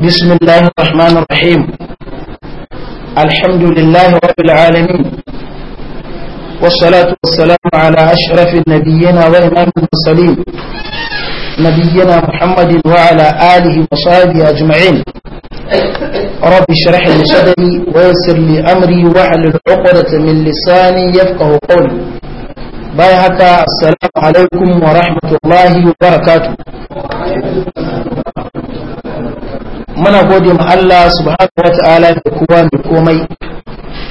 بسم الله الرحمن الرحيم الحمد لله رب العالمين والصلاة والسلام على أشرف النبيين وإمام المرسلين نبينا محمد وعلى آله وصحبه أجمعين رب اشرح لي صدري ويسر لي أمري واحلل عقدة من لساني يفقه قولي باي هكا السلام عليكم ورحمة الله وبركاته muna gode ma Allah subhanahu wata'ala da kowa mai komai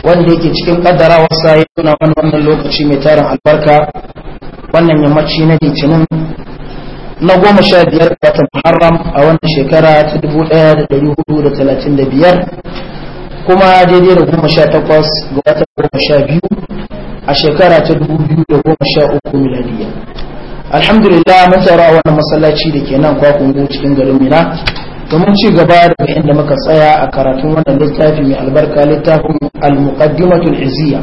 wanda yake cikin kaddara wasa ya tuna wani wannan lokaci mai tarin albarka wannan yammaci na litinin na goma sha biyar watan muharram a wannan shekara ta dubu ɗaya da ɗari hudu da talatin da biyar kuma daidai da goma sha takwas ga watan goma sha biyu a shekara ta dubu biyu da goma sha uku miladiya alhamdulillah mun tsara a wannan masallaci da ke nan kwakungu cikin garin mina domin ci gaba daga inda muka tsaya a karatun wannan littafi mai albarka littafin al-muqaddimatul izziya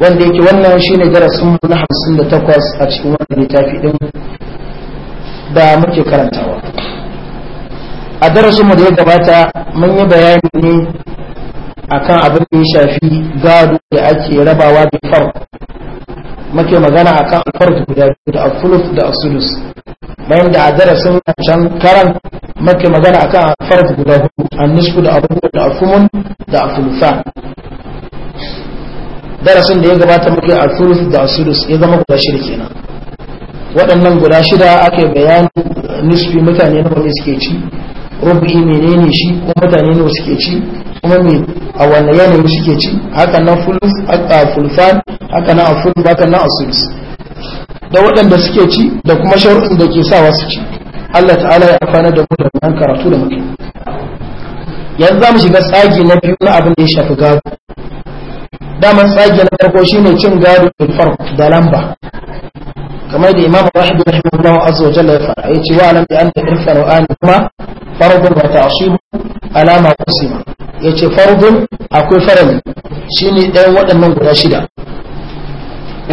wanda yake wannan shine darasin mu na 58 a cikin wannan littafi din da muke karantawa a darasin mu da ya gabata mun yi bayani ne akan abin da ya shafi gado da ake rabawa da far muke magana akan alfarq guda biyu da afulus da asulus bayan da a darasin can karan maka magana a akan farko guda hudu annisfu da abubuwan, da afumun da afulfan darasin da ya gabata muke a thuluth da sudus ya zama guda shida kenan waɗannan guda shida ake bayani nisfi mutane na wani suke ci rubu'i menene shi ko mutane ne suke ci kuma me a wanne yanayi suke ci haka nan fulus a fulfan haka nan a fulus haka nan a da waɗanda suke ci da kuma sharuɗin da ke sawa su ci Allah ta'ala ya amfana da mu da wannan karatu da muke yanzu za mu shiga tsagi na biyu na abin da ya shafi gado daman tsagi na farko shine cin gado da farko da lamba kamar da imam wahid rahimahullahu azza wa jalla ya fara yace wa alam bi anna irfan wa an kuma fardun wa ta'shibu alama qasima yace fardun akwai farali shine ɗayan waɗannan guda shida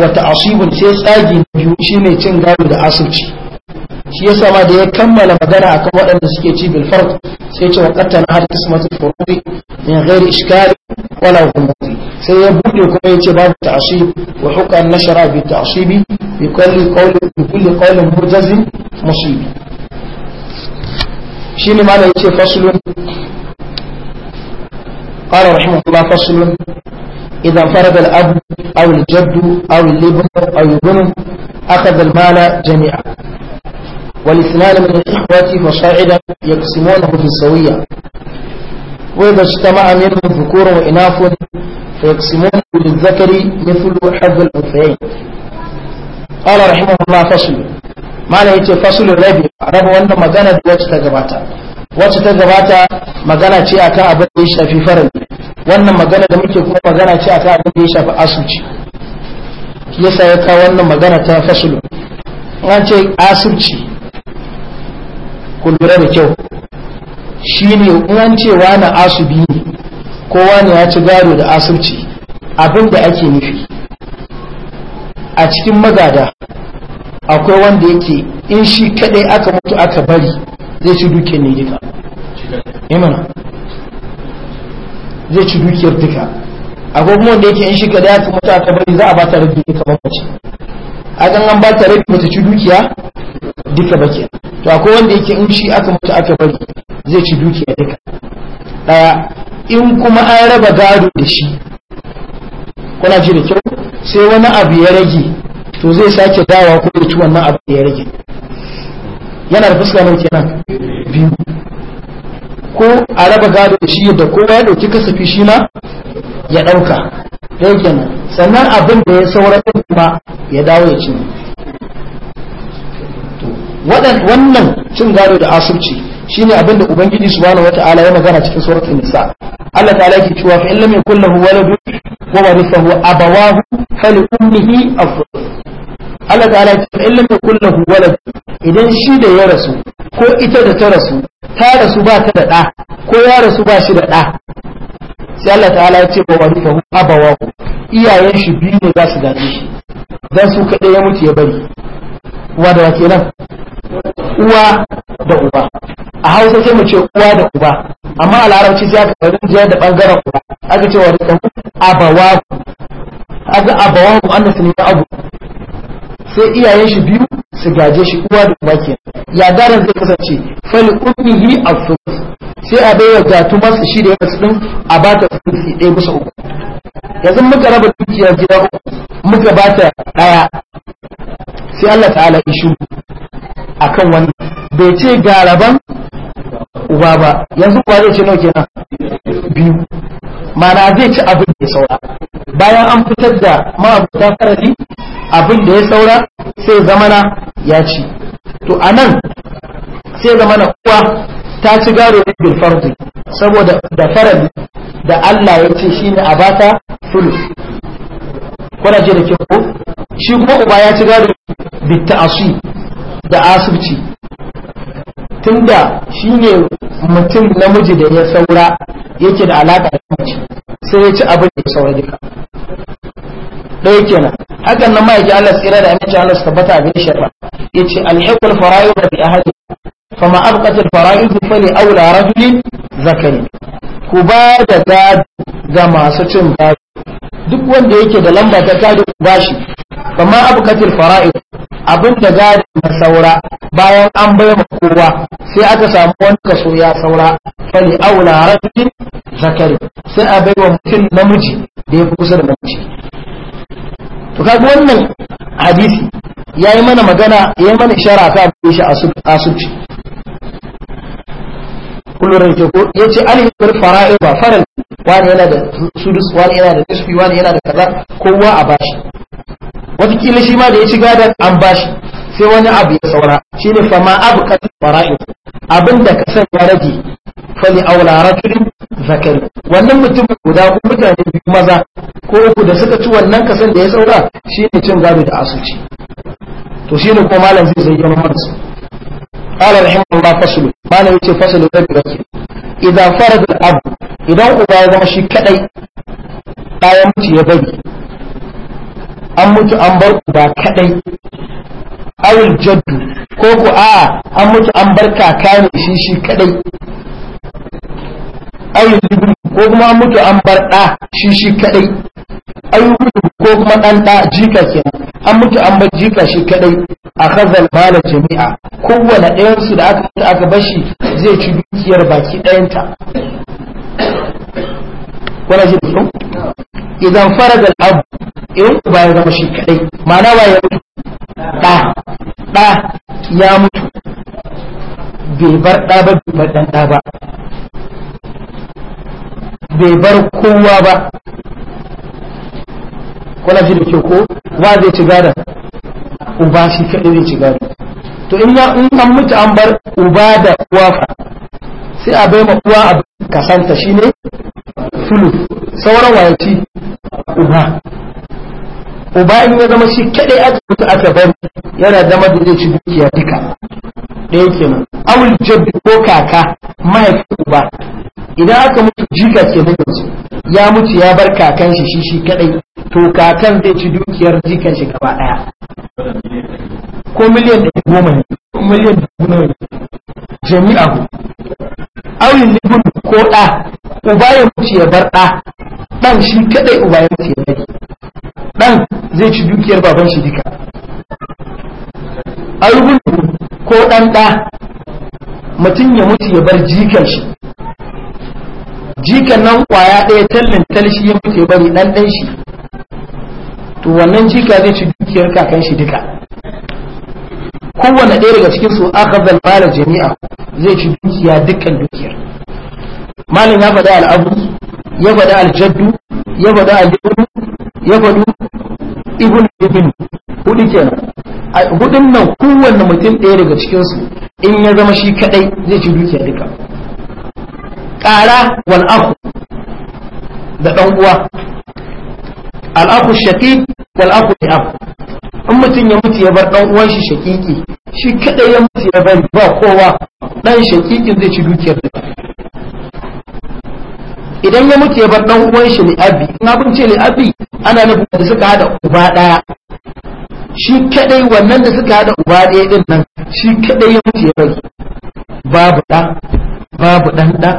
wa ta'shibun sai tsagi biyu shine cin gado da asirci shi yasa ma da ya kammala magana akan waɗanda suke ci bil farq sai ce wa qattana har qismatul furu'i min ghairi ishkal wala ghumti sai ya bude kuma yace babu ta'shib wa hukm nashra bi ta'shibi bi kulli qawlin bi kulli qawlin murjazin musibi shine ma yace faslun قال رحمه الله فصل إذا انفرد الأب أو الجد أو الابن أو الابن أخذ المال جميعا والاثنان من الإخوة فصاعدا يقسمونه في السوية وإذا اجتمع منهم ذكور وإناث فيقسمونه للذكر مثل حظ الأنثيين قال رحمه الله فصل معنى يتي فصل الربي رب وانا مغانا دوات تغباتا wacce ta gabata magana ce akan abin da ya shafi farali wannan magana da muke kuma magana ce akan abin da ya shafi asubci yasa ya kawo wannan magana ta fasulu an ce ku lura da kyau shi ne uwan cewa na asubi ne kowa ne ya ci gado da asubci abin da ake nufi a cikin magada akwai wanda yake in shi kadai aka mutu aka bari zai ci dukiyar ne duka imana eh zai ci dukiyar duka akwai kuma wanda yake in shi kadai aka mutu aka bari za a ba ta rabi duka mamaci a an ba ta rabi ba ta ci dukiya duka ba ke to akwai wanda yake in shi aka mutu aka bari zai ci dukiya duka daya in kuma an raba gado da shi kuna ji da kyau sai wani abu ya rage to zai sake dawa ko ya ci wannan abu ya rage yana da fuska mai kenan biyu ko a raba gado da shi da kowa ya dauki kasafi shi ma ya dauka dai sannan abin da ya saura kuma ya dawo ya ci wannan cin gado da asubci shine abin da ubangiji subhanahu wata'ala ya magana cikin suratul nisa Allah ta'ala yake cewa fa illam yakul lahu waladu wa warithahu abawahu fali ummihi afdal Allah ta'ala yake fa illam yakul lahu waladu idan shi da ya rasu ko ita da ta rasu ta rasu ba ta da da ko ya rasu ba shi da da sai Allah ta'ala ya ce wa warithahu abawahu iyayen shi biyu ne za su gaje shi dan su kaɗai ya mutu ya bari wa da kenan uwa da uba a hausa sai mu ce uwa da uba amma a larabci sai aka jiya da bangaren uba aka ce wa rikan abawahu aka abawahu annas ne ya abu sai iyayen shi biyu su gaje shi uwa da uba ke ya daren zai kasance fal ummihi as sai a baiwa su shi da yasu din a bata sulusi ɗaya bisa uku yanzu muka raba dukiyar gida uku muka bata ɗaya sai Allah ta'ala ya shiru akan wani bai ce garaban uba ba yanzu kuwa zai ce nau kenan biyu mana zai ci abin da ya saura bayan an fitar da ma'abuta faradi abin da ya saura sai zamana ya ci to a nan sai zamana uwa ta ci gado ne bil saboda da faradi da Allah ya ce shine a bata fulus kuna ji da kyau shi kuma uba ya ci gado bit ta'asi da asirci tunda shi ne mutum namiji da ya saura yake da alaƙa da mace sai ya ci abin da ya saura duka ɗaya kenan hakan na ma'aiki Allah tsira da aminci Allah su tabbata a gaishe ba ya ce alhaƙul farayu da bi ahadi fama abqatul farayu fali aula rajulin zakari ku ba da gado ga masu cin gado duk wanda yake da lamba ta tari ku bashi kama abu katil abin da gadi na saura bayan an bai ma kowa sai aka samu wani kaso ya saura fali aula rajulin zakari sai a bai wa mutum namiji da ya fi kusa da namiji to kaga wannan hadisi ya yi mana magana ya yi mana shara ta abin shi asubci kullum ke ko ya ce alhibir fara'i ba faral wani yana da sudus wani yana da nisfi wani yana da kaza kowa a bashi watakila shi ma da ya ci gada an bashi sai wani abu ya saura shi ne fama abu kan fara'in abin da ka san ya rage fali aula rajulin zakari wannan mutum guda ko mutane biyu maza ko uku da suka ci wannan kasan da ya saura shi ne cin gado da asuci to shi ne kuma malam zai zai gama marasa قال رحمه الله فصل ما لا يتي فصل ذكرك إذا فرض الأب إذا أبا يزم شي كدي قايم تي an mutu an bar uba kadai awil jaddu ko ku a an mutu an bar kaka ne shi shi kadai awil ibn ko kuma an mutu an bar da shi shi kadai awil ko kuma dan da jika kenan an mutu an bar jika shi kadai a kazal mala jami'a kowane ɗayan su da aka aka bashi zai ci dukiyar baki ɗayanta wala shi idan farad al-abu in uba zama shi kadai ma'ana ba ya mutu da da ya mutu bai bar da ba bai bar dan da ba bai bar kowa ba kuna ji da ke ko wa zai ci gadon uba shi kadai zai ci gada to in ya in an mutu an bar uba da uwa fa sai a bai ma uwa a kasanta shine fulus sauran wayanci uba uba in ya zama shi kadai aka mutu aka bari yana zama da zai ci dukiya duka ɗaya kenan awul jaddu ko kaka mahaifin uba idan aka mutu jika ke mutu ya mutu ya bar kakan shi shi shi kadai to kakan zai ci dukiyar jikan shi gaba daya ko miliyan da goma ne ko miliyan da goma ne jami'a awul ko ɗa. uba ya mutu ya bar ɗa ɗan shi kaɗai uba ya ya bari ɗan zai ci dukiyar baban shi duka algulu ko ɗan ɗa mutum ya mutu ya bar jikan shi jikan nan kwaya ɗaya tallin talshi ya mutu ya bari ɗan ɗan shi to wannan jika zai ci dukiyar kakan shi duka kowane ɗaya daga cikin su aka zalmala jami'a zai ci dukiya dukkan dukiyar malin ya faɗi al'abu ya faɗi aljaddu ya faɗi aljaddu ya faɗu ibn ibn hudu kenan a hudun nan kowanne mutum ɗaya daga cikinsu in ya zama shi kaɗai zai ci dukiya duka ƙara wal aku da ɗan uwa al aku shaqiq wal aku li aku in mutum ya mutu ya bar ɗan uwan shi shaqiqi shi kaɗai ya mutu ya bari ba kowa ɗan shaqiqin zai ci dukiyar duka idan ya mutu ya bar dan uwan shi abi, in abin ce abi, ana nufin da suka hada uba daya shi kadai wannan da suka hada uba daya din nan shi kadai ya mutu ya bari babu da babu dan da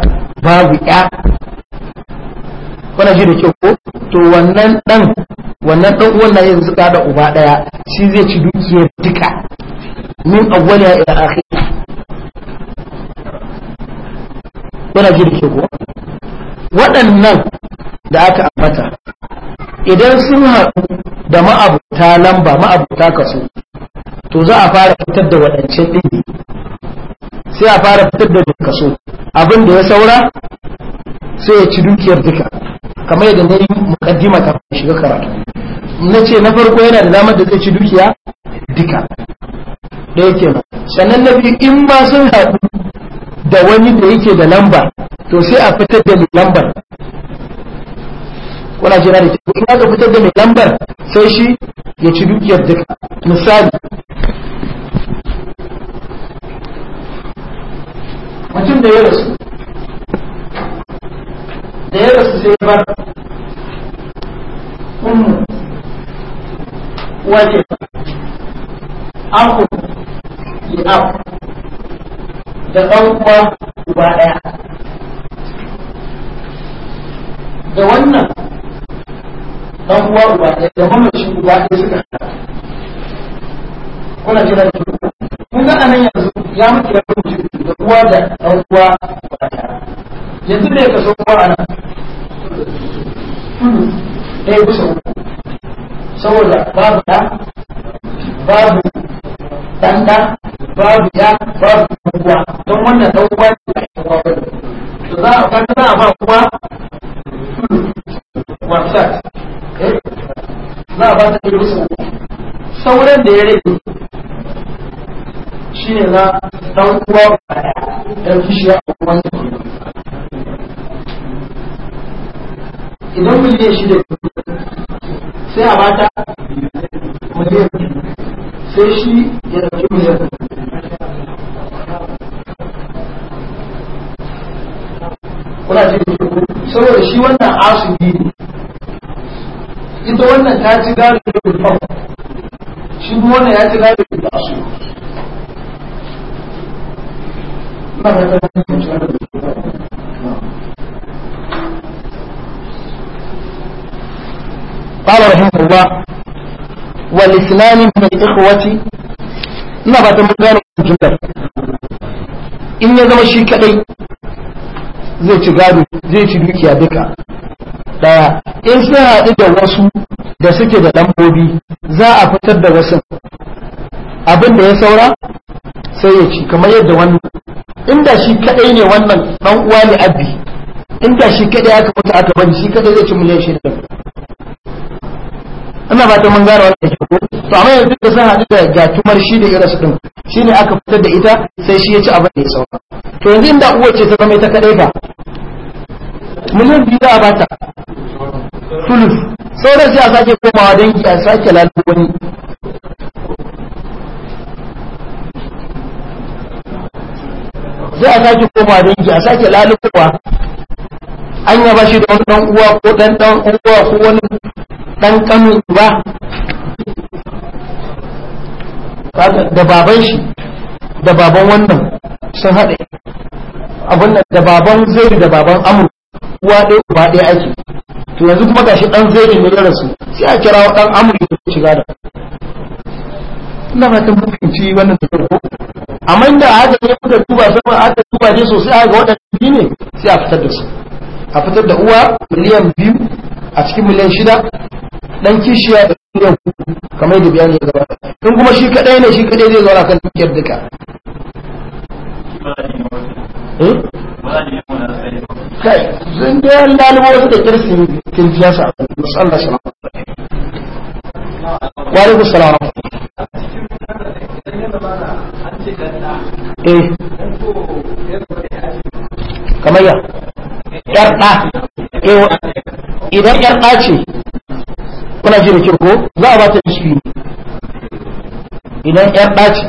babu ya kuna ji da kyau ko to wannan dan wannan dan uwan nan yanzu suka hada uba daya shi zai ci dukiyar duka min awwaliha ila akhir kuna ji da kyau ko waɗannan da aka ambata idan sun haɗu da ma'abuta lamba ma'abuta kaso to za a fara fitar da waɗancan ɗin sai a fara fitar da kaso abin da ya saura sai ya ci dukiyar duka kamar yadda na yi mukaddima kafin shiga karatu na ce na farko yana da damar da zai ci dukiya duka da yake sannan na biyu in ba sun haɗu da wani da yake da lamba to sai a fitar da lambar wala jira da kyau in aka fitar da mai lambar sai shi ya ci dukiyar duka misali mutum da ya rasu da ya rasu sai bar ummu waje aku aku da ɗan uwa uba ɗaya da wannan dan uwa uba ɗaya da mamaci uba ɗaya suka haɗa kuna jira ki kun ga anan yanzu ya muke da mutu da uwa da dan uwa uba ɗaya yanzu da ya kaso uwa anan ɗaya bisa uku saboda babu ɗa babu ɗanɗa babu ya babu uwa don wannan dan uwa ne da uwa to za a kwanta za a ba uwa website za a ba ta ɗaya bisa sauran da ya rage shi ne na ɗan uwa ɗan kishiya a kuma idan miliyan shida sai a bata miliyan sai shi ya ɗauki miliyan kuna ce da saboda shi wannan asibi ne ita wannan ta ci gari da ulfar shi kuma wannan ya ci gari da asu قال رحمه الله والاثنان من الإخوة نبات مقال الجملة إن يزم الشيء كأي zai ci gado zai ci dukiya duka daya in sun haɗu da wasu da suke da lambobi za a fitar da wasu abin da ya saura sai ya ci kamar yadda wani inda shi kadai ne wannan dan uwa ne abbi inda shi kadai aka mutu aka bani shi kadai zai ci miliyan shida ina ba ta mun gara wannan ko. to amma yanzu da sun haɗu da gatumar shi da irasu din shi ne aka fitar da ita sai shi ya ci abin da ya saura to yanzu inda uwa ce ta zama ita kadai ba miliyan biyu za a bata fulus sauran sai a sake komawa dangi a sake lalu wani sai a sake komawa dangi a sake lalu an yaba shi da wani dan uwa ko dan dan uwa ko wani dan kanu ba da baban shi da baban wannan sun haɗe abin da baban zai da baban amur uwa ɗaya uba ɗaya ake to yanzu kuma gashi ɗan zai ne ya rasu sai a kira ɗan amur ya shiga da ina fatan mutunci wannan da farko amma inda haka ne kuka duba a haka duba ne sosai aka ga waɗanda ne sai a fitar da su a fitar da uwa miliyan biyu a cikin miliyan shida dan kishiya da miliyan uku kamar da bayani ya gaba in kuma shi kadai ne shi kadai zai zauna kan dukiyar duka eh kai sun da yan dalibai suka kirsi kin ji yasa musallar salam wa alaikum salam eh kamar ya yar eh, idan yar ce kuna ji da kirko za a ba ta nishfi idan yar ce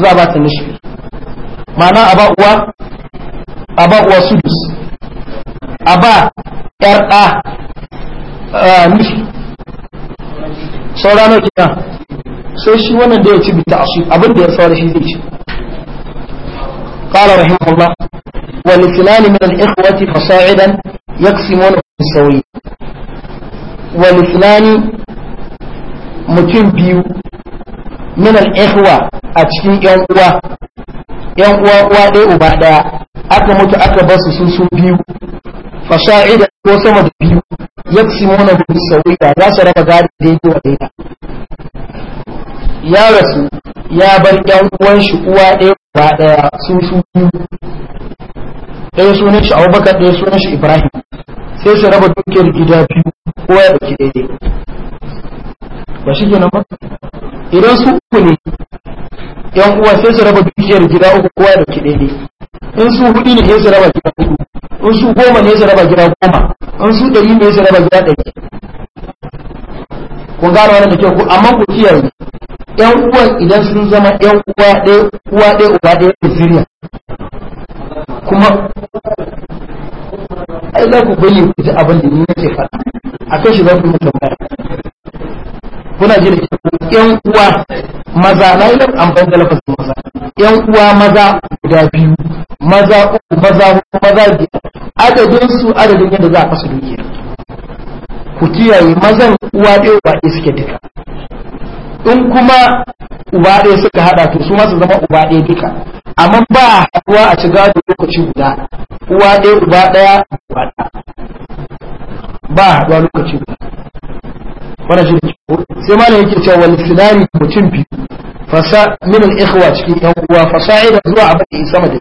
za a ba ta nishfi ma'ana a ba uwa aba uwa sudus aba yar da nufi saura nau kina sai shi wannan da ya ci bita asu abin da ya saura shi zai ci قال رحمه الله ولفلان من الإخوة فصاعدا يقسمون wani ولفلان mutum biyu min al'ihwa a cikin ‘yan uwa, daya uwa uwa ɗaya uba ɗaya, aka mutu aka ba su su biyu sha'ida ko sama da biyu yaksimuna bi sawiya za su raba da daidai wa daina. ya rasu ya bar yan uwan shi uwa ɗaya ba ɗaya su su biyu ɗaya sunan shi Abubakar ɗaya sunan shi Ibrahim sai su raba dukiyar gida biyu ko ya ɗauki daidai ba shi ne ba idan su uku ne yan uwa sai su raba dukiyar gida uku kowa ya ɗauki daidai in su hudu ne ya su raba gida hudu in su goma ne ya raba gida goma in su ɗari ne ya raba gida ɗari kun gano wannan da kyau amma ku kiyaye yan uwan idan sun zama yan uwa ɗaya uwa ɗaya uba ɗaya da zuriya kuma ai za ku bayyana ku ji abin da ni nake faɗa a kan shi za ku yi tambaya kuna jin yan uwa maza na yi amfani da lafazin maza yan uwa maza guda biyu maza uku maza uku maza biyar adadin su adadin yadda za a fasa dukiya ku kiyaye mazan uwa ɗaya uba ɗaya suke duka in kuma uba ɗaya suka haɗa to su ma su zama uba ɗaya duka amma ba a haɗuwa a shiga da lokaci guda uwa ɗaya uba ɗaya uba ɗaya ba a haɗuwa lokaci guda wani shi da sai malam yake cewa wani sinani mutum biyu fasa min al-ikhwa cikin yan uwa fasa'ida zuwa abin da sama da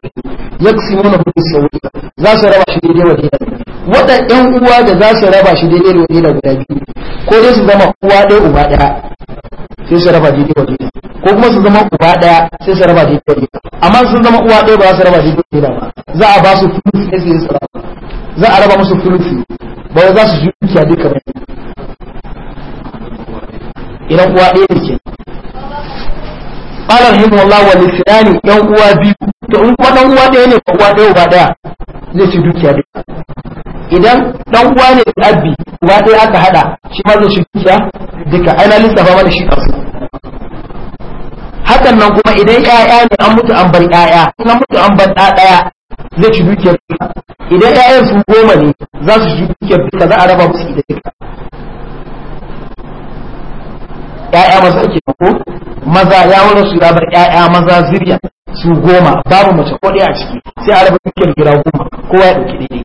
yaksimuna bi sawi za su raba shi daidai wa daidai wadan yan uwa da za su raba shi daidai wa daidai guda biyu ko dai su zama uwa ɗaya uba ɗaya sai su raba daidai wa daidai ko kuma su zama uba ɗaya sai su raba daidai wa daidai amma sun zama uwa ɗaya ba za su raba daidai wa daidai ba za a ba su fulufi ne sai su raba za a raba musu fulufi ba za su ji dukiya duka ba idan uwa ɗaya ne ke qala Allah wa lisani yan uwa biyu to in kuma dan uwa ɗaya ne ba uwa ɗaya uba ɗaya zai ci dukiya duka idan dan uwa ne da abbi uba ɗaya aka hada shi ma zai ci dukiya duka ai na lissafa mana shi kasu hakan nan kuma idan 'ya'ya ne an mutu an bar 'ya'ya, in an mutu an bar da daya zai ci dukiya idan 'ya'yan su goma ne za su ci dukiya duka za a raba musu ita duka ƴaƴa maza ake ko maza ya wurin su rabar ƴaƴa maza zuriya su goma babu mace ko ɗaya a ciki sai a raba cikin gida goma kowa ya ɗauki daidai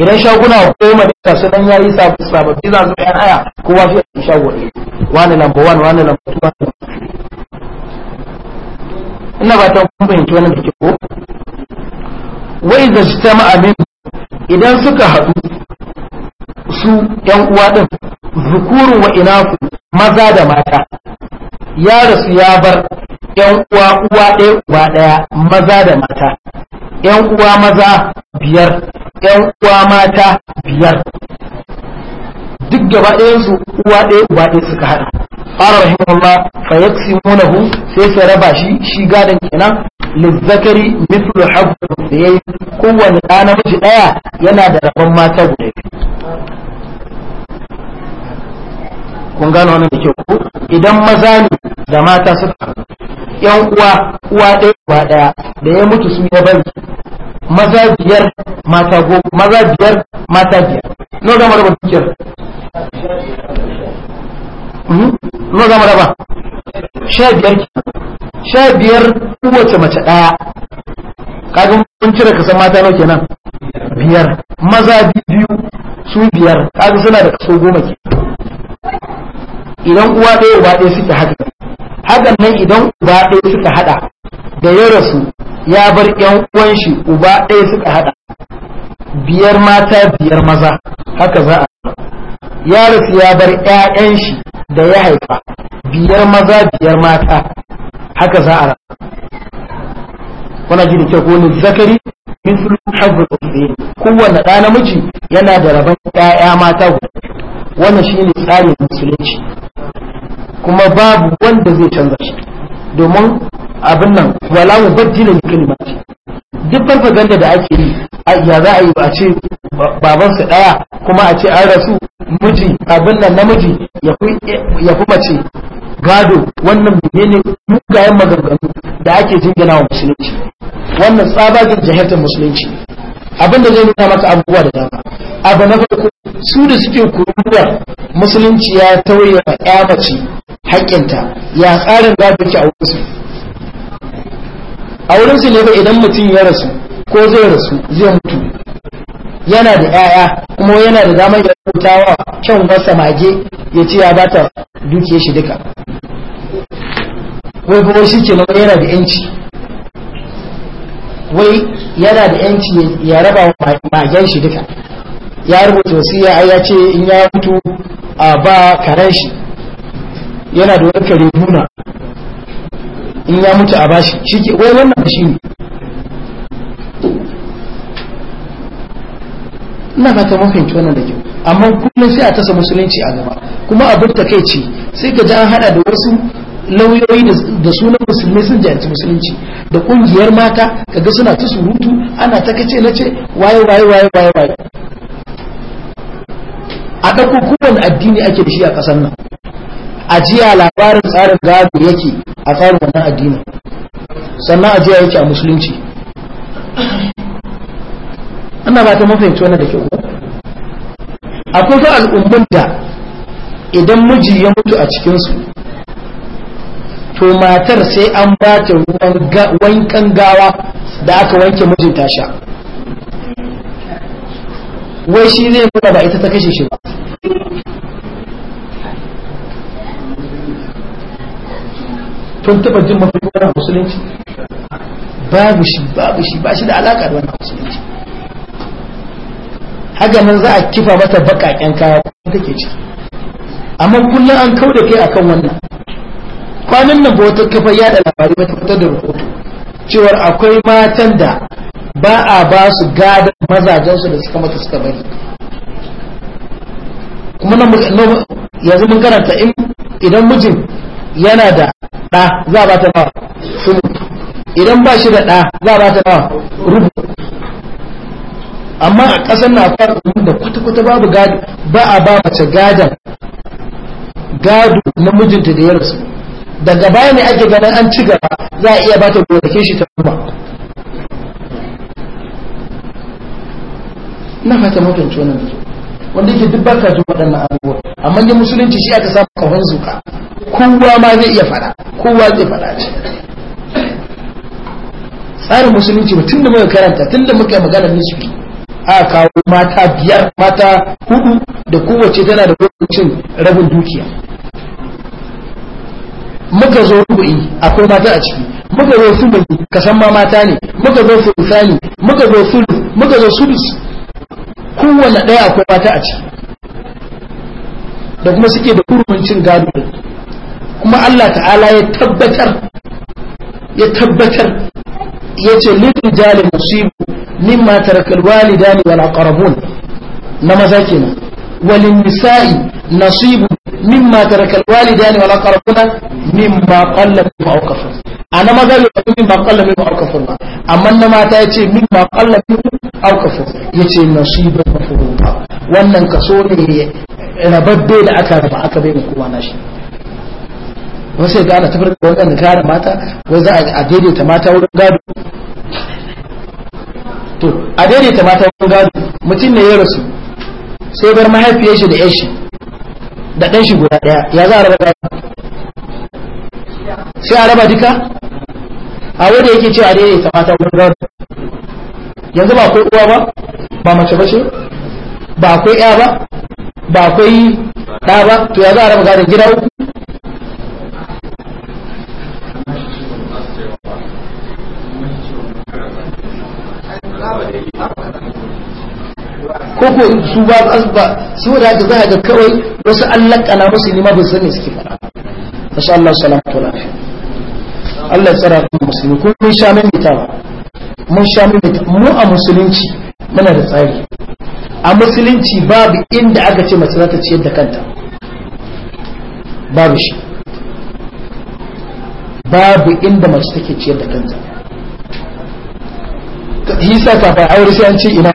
idan shaguna goma da ta su nan ya yi sai za su ƴan aya kowa fiye da shago ɗaya wani lamba wani wani lamba tu ina ba ta kun bayyana wannan da ke ko wai da su tama abin idan suka haɗu su ƴan uwa ɗin zukuru wa inaku maza da mata ya rasu ya bar yan uwa uwa ɗaya uwa ɗaya maza da mata yan uwa maza biyar yan uwa mata biyar duk gaba ɗayansu uwa ɗaya uwa ɗaya suka haɗa fara rahimahullah fa yaksimunahu sai sai raba shi shi gadan kenan lizzakari mithlu habbu da yayi kowanne ɗa namiji ɗaya yana da rabon mata guda biyu kun gano wannan da kyau idan maza ne da mata suka yan uwa uwa ɗaya uwa ɗaya da ya mutu su ya bari maza biyar mata go maza biyar mata biyar no zama raba dukiyar hmm? no zama maraba sha biyar sha biyar kowace mace ɗaya kaga mun cire kasa mata nau kenan biyar maza biyu su biyar kaga suna da kaso goma kenan idan uwa ɗaya uba ɗaya suka haɗa hakan nan idan uba ɗaya suka haɗa da ya rasu ya bar ƴan uwan shi uba ɗaya suka haɗa biyar mata biyar maza haka za a ya rasu ya bar ƴaƴan shi da ya haifa biyar maza biyar mata haka za a raba kuna ji da kyau ko ni zakari min sulu habbul kowanne ɗa namiji yana da rabon ƴaƴa mata guda wannan shine tsarin musulunci kuma babu wanda zai canza shi domin abin nan wala mu bajjina kalimati duk ganda da ake yi ya za a yi a ce baban su ɗaya kuma a ce an rasu miji abin nan namiji ya fi mace gado wannan menene mugayen maganganu da ake jingina wa musulunci wannan tsabagen jahatar musulunci abin da zai nuna maka abubuwa da dama abu na farko su da suke kuruwa musulunci ya tauye wa ya mace haƙƙinta ya tsarin gado ke a wurinsu a wurinsu ne ba idan mutum ya rasu ko zai rasu zai mutu yana da 'ya'ya kuma yana da damar ya rubuta wa kyan wasa mage ya ce ya bata dukiyar shi duka wai kuma shi ke nan yana da yanci wai yana da yanci ya raba wa magen shi duka ya rubuta wasiya ya ce in ya mutu a ba karen shi yana da wani kare nuna in ya mutu a ba shi ke wai wannan shi ne ina ba ta mafi wannan da kyau amma kullum sai a tasa musulunci a gaba kuma abin ta kai ce sai ka ji an hada da wasu lauyoyi da sunan musulmi sun jayanci musulunci da kungiyar mata kaga suna ta surutu ana ta kace na ce waye waye waye waye waye a ɗauko kowane addini ake da shi a ƙasar nan a jiya labarin tsarin gado yake a tsarin wannan addini sannan a jiya yake a musulunci ana ba ta mafahimci wannan da kyau akwai kuma al'ummar da idan miji ya mutu a cikinsu to matar sai an ba ta wankan gawa da aka wanke mijinta tasha wai shi zai nuna ba ita ta kashe shi ba tun taba jin mafi wannan musulunci babu shi babu shi ba shi da alaƙa da wannan musulunci haka nan za a kifa mata baƙaƙen kaya kuma take ciki amma kullum an kau da kai akan wannan kwanan nan ba wata kafa da labari ba ta fitar da rahoto cewar akwai matan da ba a ba su gadon mazajensu da suka mata suka bari kuma yanzu mun karanta idan mijin yana da ɗa za a ba ta nawa idan ba shi da ɗa za a ba ta nawa rubu amma a ƙasar na fara da kwata-kwata babu gado ba a ba mace gadon gado na mijinta da ya rasu daga baya ne ake ganin an ci gaba za a iya ba ta gonakin shi ta ruba na fata mutunci wannan wanda yake duk barka jin waɗannan abubuwa amma ne musulunci shi aka samu kawon zuka kowa ma zai iya faɗa kowa zai faɗa ce tsarin musulunci ba tun da muka karanta tun da muka yi maganar nisbi a kawo mata biyar mata hudu da kowace tana da hukuncin rabin dukiya muka zo rubu'i akwai mata a ciki muka zo sulusi kasan ma mata ne muka zo sulusani muka zo sulus muka kowane ɗaya akwai mata a ciki da kuma suke da hurumin gado kuma Allah ta'ala ya tabbatar ya tabbatar ya ce lirin jali musibu mimma tarakal walidani wal aqrabun na maza kenan walin nisa'i nasibu mimma tarakal walidani wal مما قل qalla min awqafun ana magana da mimma qalla min awqafun amma na mata yace مما قل min awqafun yace nasibun mafruḍa wannan kaso ne rababbe da aka ba aka bai wasu ga ana tafarka wannan kare mata wai za a daidaita mata wurin gado to a daidaita mata wurin gado mutum ne ya rasu sai bar mahaifiyar shi da yashi da ɗan shi guda ɗaya ya za a raba gado sai a raba duka a wanda yake cewa dai ya samata wurin gado yanzu ba akwai uwa ba ba mace ba ce ba akwai ya ba ba akwai ɗa ba to ya za a raba gado gida uku ko ko su ba ba su da haka za ga kawai wasu an kana musu ne ma ba sanin me suke fara masha Allah salamatu lafiya Allah ya tsara ku musulmi ko mun sha mai ta mun sha mai mu a musulunci muna da tsari a musulunci babu inda aka ce mace za ta ciyar da kanta babu shi babu inda mace take ciyar da kanta sa kafin aure sai an ce ina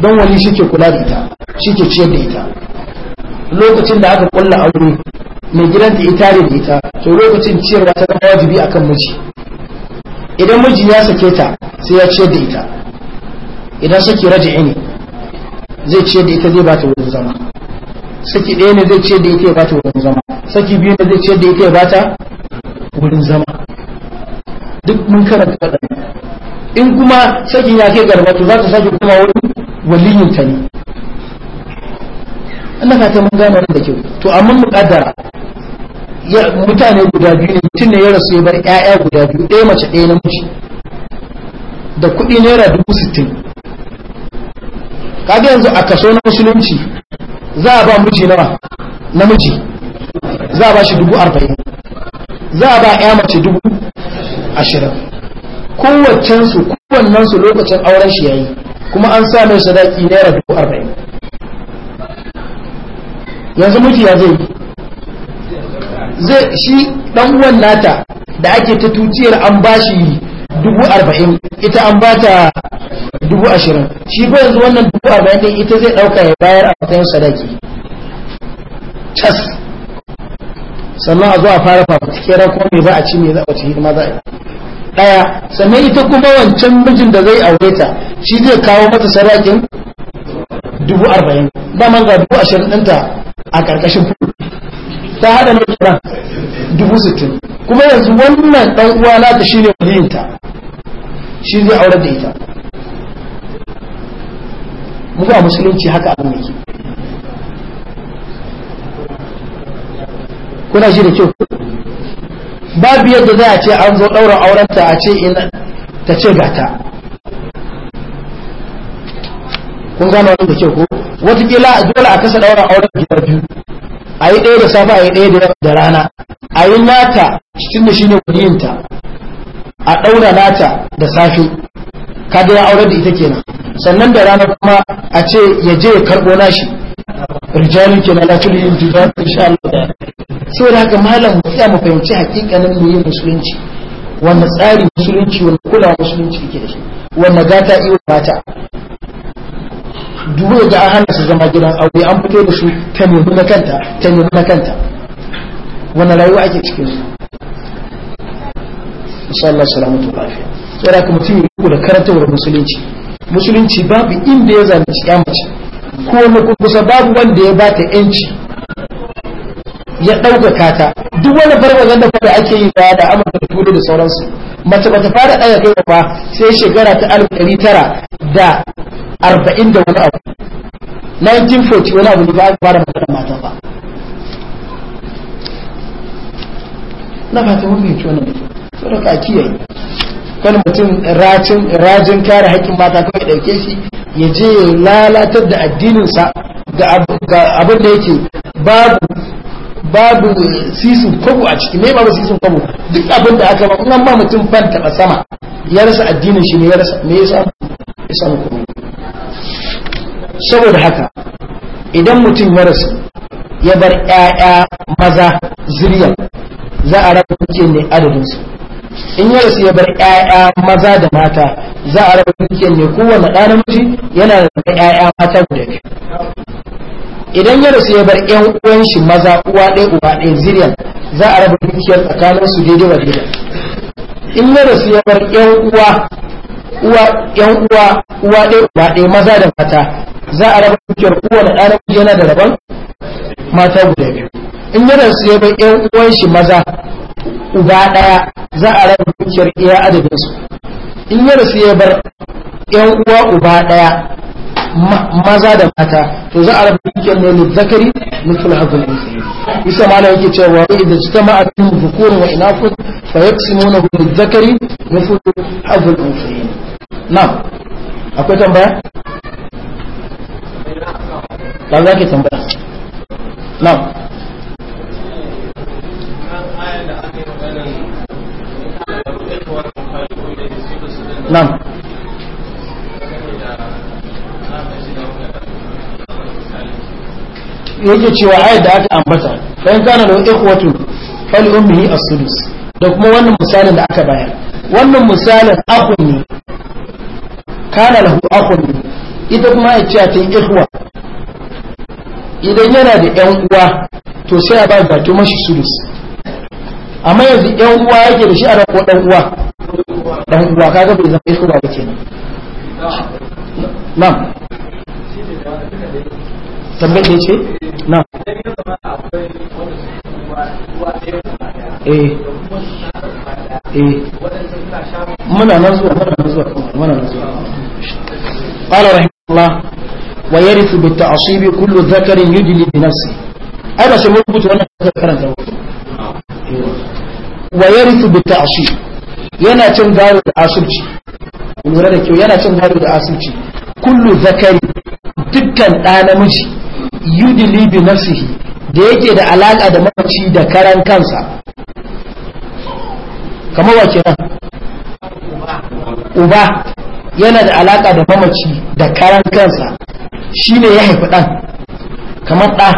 don wani shi ke kula da ita shi ke ciyar da ita lokacin da aka kulla aure mai gidan da ita da ita to lokacin ciyarwa ta zama wajibi akan miji idan miji ya sake ta sai ya ciyar da ita idan saki raja'i ne zai ciyar da ita zai ba ta wurin zama saki ɗaya ne zai ciyar da ita ya ba ta wurin zama saki biyu ne zai ciyar da ita ya ba ta wurin zama duk mun karanta in kuma sakin ya ke garba to za ta sake kuma wani waliyin ta ne Allah ka ta mun gane da kyau to amma mu ya mutane guda biyu ne mutum ne ya rasu ya bar 'ya'ya guda biyu ɗaya mace ɗaya namiji da kuɗi naira dubu sittin kaga yanzu a kaso na musulunci za a ba miji nawa namiji za a ba shi dubu arba'in za a ba ya mace dubu ashirin kowaccen su kowannan su lokacin auren shi yayi kuma an sa mai sadaki naira dubu arba'in yanzu miji ya zai zai shi dan uwan nata da ake ta tuciyar an bashi dubu arba'in ita an bata dubu ashirin shi ba yanzu wannan dubu arba'in din ita zai ɗauka ya bayar a matsayin sadaki cas sannan a zuwa fara fafutukera ko me za a ci me za a ci hidima za a yi daya sannan ita kuma wancan mijin da zai aure ta shi zai kawo mata sarakin dubu arba'in man ga dubu ashirin ɗinta a ƙarƙashin kudu ta haɗa na kiran dubu sittin kuma yanzu wannan ɗan uwa na shi ne waliyinta shi zai aure da ita mu a musulunci haka abin ke. kuna shi da kyau babu yadda za a ce an zo ɗaurin aurenta a ce ina ta ce ta kun gano wani da ke ko watakila dole a kasa ɗaurin auren biyar biyu a yi ɗaya da safa a yi ɗaya da rana a yi nata cikin da shi ne kuniyinta a ɗaura nata da safe kada ya aure da ita kenan sannan da rana kuma a ce ya je ya karɓo nashi ke kenan lati yin tijarat insha Allah da haka malam mu ya mu fahimci hakikanin mu yi musulunci wanda tsari musulunci wanda kula musulunci yake da shi wanda gata iya mata duk da an hana su zama gidan aure an fito da su ta nemi na kanta ta nemi na kanta wanda rayuwa ake cikin su insha Allah salamatu lafiya da ka mutum ya da karantawar musulunci musulunci babu inda ya zanci ya mace ko na kusa babu wanda ya bata yanci ya ɗaukaka ta duk wani dafa da ake yi ba da amurka da tudu da sauransu mace bata fara daya kai ba sai shekara ta alif ɗari tara da arba'in da wani abu 1940 wani abu ne ba aka fara magana mata ba na fata mun fahimci wani da kyau saboda ka kiyaye kan mutum rajin kare haƙƙin mata kawai ɗauke shi ya je ya lalatar da addininsa ga abin da yake babu babu sisin kwabo a ciki mai babu sisin kwabo duk abin da aka ba an ba mutum ban taɓa sama ya rasa addinin shi ne ya rasa me ya samu kuma saboda haka idan mutum ya rasa, ya bar 'ya'ya maza zuriya za a raba kuke ne adadin su. in ya wasu ya bar ƴaƴa maza da mata za a raba dukiyar ne kowane ɗa namiji yana da ƴaƴa mata guda biyu idan ya rasu ya bar ƴan uwan shi maza uwa ɗaya uba ɗaya ziriyar, za a raba dukiyar tsakanin su daidai wa daidai in ya rasu ya bar ƴan uwa uwa ƴan uwa uwa ɗaya uba ɗaya maza da mata za a raba dukiyar kowane ɗa namiji yana da rabon mata guda biyu in ya rasu ya bar ƴan uwan shi maza uba ɗaya za a raba dukiyar iya adadin su in ya rasu ya bar yan uwa uba daya maza da mata to za a raba dukiyar ne ne zakari mutum hazin mutum isa ma yake cewa wa idza jtama'a tum bukuru wa kun? fa nuna lil zakari mutum hazin mutum na akwai tambaya ba za ki tambaya na نعم yake cewa ayat da aka ambata dan kana da ikhwatu fal ummihi a sudus da kuma wannan misalin da aka bayar wannan misalin akun ne kana lahu akun ne ita kuma ya ce ta ikwa idan yana da yan uwa to sai a ba da to mashi sudus amma yanzu yan uwa yake da shi a rako dan uwa dan uwa kaga bai zama ba na'am tambayar da ce na'am eh eh muna nan zuwa muna nan zuwa muna nan zuwa قال رحمه الله ويرث بالتعصيب كل ذكر يدلي بنفسه أنا سمعت وانا ذكرا ويرث بالتعصيب yana cin gado da asubci lura da kyau yana cin gado da asubci kullu zakari dukkan ɗa namiji yudili bi nafsihi da yake da alaƙa da mamaci da karan kansa kamar wa kenan uba yana da alaƙa da mamaci da karan kansa shine ya haifi ɗan kamar ɗa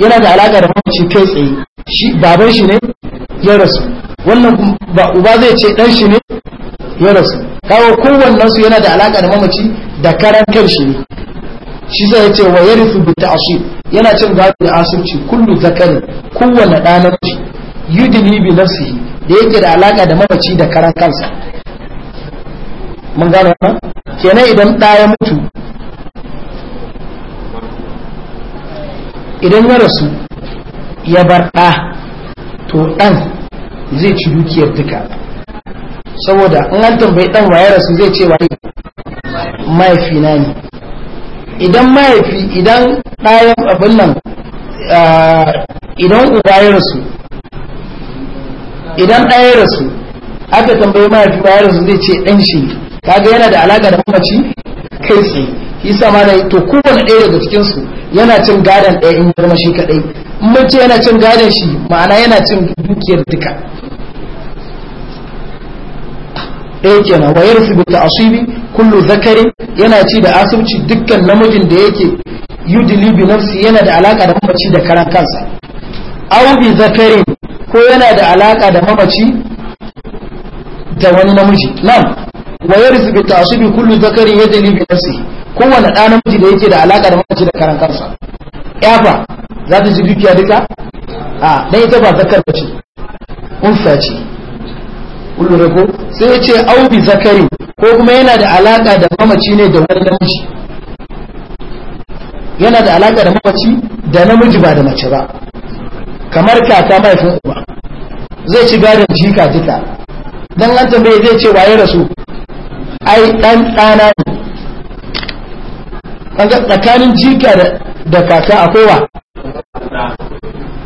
yana da alaƙa da mamaci kai tsaye shi baban shi ne ya rasu wannan ba uba zai ce dan shi ne ya rasu kawo kowannen su yana da alaka da mamaci da karan kan shi ne shi zai ce wa yarithu bi ta'shib yana cin gado da asirci kullu zakari kowanne da namiji yudini bi nafsihi da yake da alaka da mamaci da karan kansa mun gano wannan kenan idan da ya mutu idan ya rasu ya bar ɗa to ɗan zai ci dukiyar duka saboda in an tambayi dan waye rasu zai ce waye mahaifi na ne idan mahaifi idan ɗayan abin nan idan uba ya rasu idan ɗaya rasu aka tambayi mahaifi ba ya rasu zai ce ɗan shi kaga yana da alaƙa da mamaci kai tsaye yi sama da to kowane ɗaya daga cikinsu yana cin gadon ɗaya in girma shi kaɗai mun ce yana cin gadon shi ma'ana yana cin dukiyar duka ɗaya kenan wayar su bi asibi kullu zakarin yana ci da asibci dukkan namijin da yake yudili bi nafsi yana da alaka da mamaci da karan kansa aubi zakarin ko yana da alaka da mamaci da wani namiji nan wayar su bi asibi kullu zakarin yadda libi nafsi kowane ɗa namiji da yake da alaƙa da mace da karan kansa fa za ta ji dukiya duka a dan ita ba zakar ba ce unsa ce kullure ko sai ya ce au bi zakari ko kuma yana da alaƙa da mamaci ne da wani namiji yana da alaƙa da mamaci da namiji ba da mace ba kamar kaka mahaifin uba zai ci gadon jika duka. dan an tambaye zai ce waye rasu ai dan ɗana ne kaga tsakanin jika da kaka akwai wa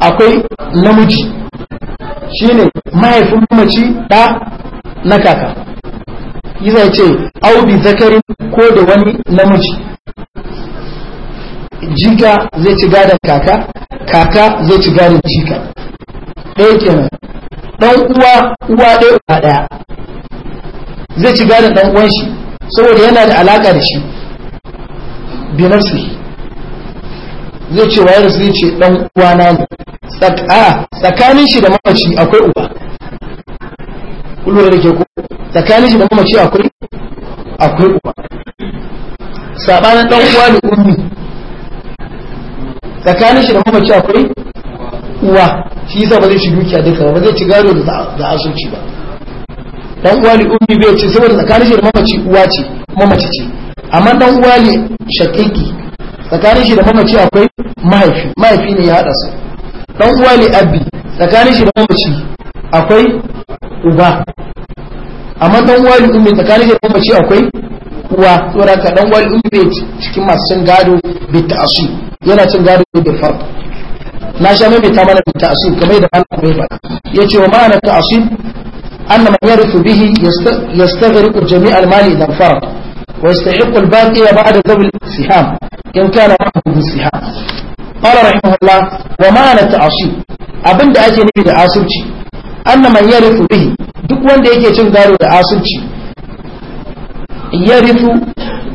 akwai namiji shine mahaifin mace da na kaka yana ce au bi zakarin ko da wani namiji jika zai ci gadon kaka kaka zai ci gadon jika ɗaya kenan ɗan uwa uwa ɗaya ɗaya zai ci gadon ɗan uwan shi saboda yana da alaka da shi bi nafsi zai ce waye zai ce dan uwana ne tsakanin shi da mamaci akwai uba kullum da ke ku tsakanin shi da mamaci akwai akwai uba sabanin dan uwa da ummi tsakanin shi da mamaci akwai uwa shi yasa ba zai shi dukiya duka ba zai ci gado da asuci ba dan uwa da ummi bai ce saboda tsakanin shi da mamaci uwa ce mamaci ce amma dan uwa ne shakiki tsakanin shi da mamaci akwai mahaifi mahaifi ne ya hada su dan uwa ne abi tsakanin shi da mamaci akwai uba amma dan uwa ne ummi tsakanin shi da mamaci akwai uwa saboda ka dan uwa ne ummi cikin masu cin gado bi asu yana cin gado da farko na sha mai ta mana bi asu kamar da Allah bai Ya yace wa ma'ana ta'assu anna man yarithu bihi yastaghriqu jami'al mali idan farq ويستحق الباقي بعد ذوي السهام إن كان معه السهام قال رحمه الله ومعنى التعصيب أبن دعاتي نبي تعصبتي أن من يرث به duk wanda yake cin gado da asirci yarifu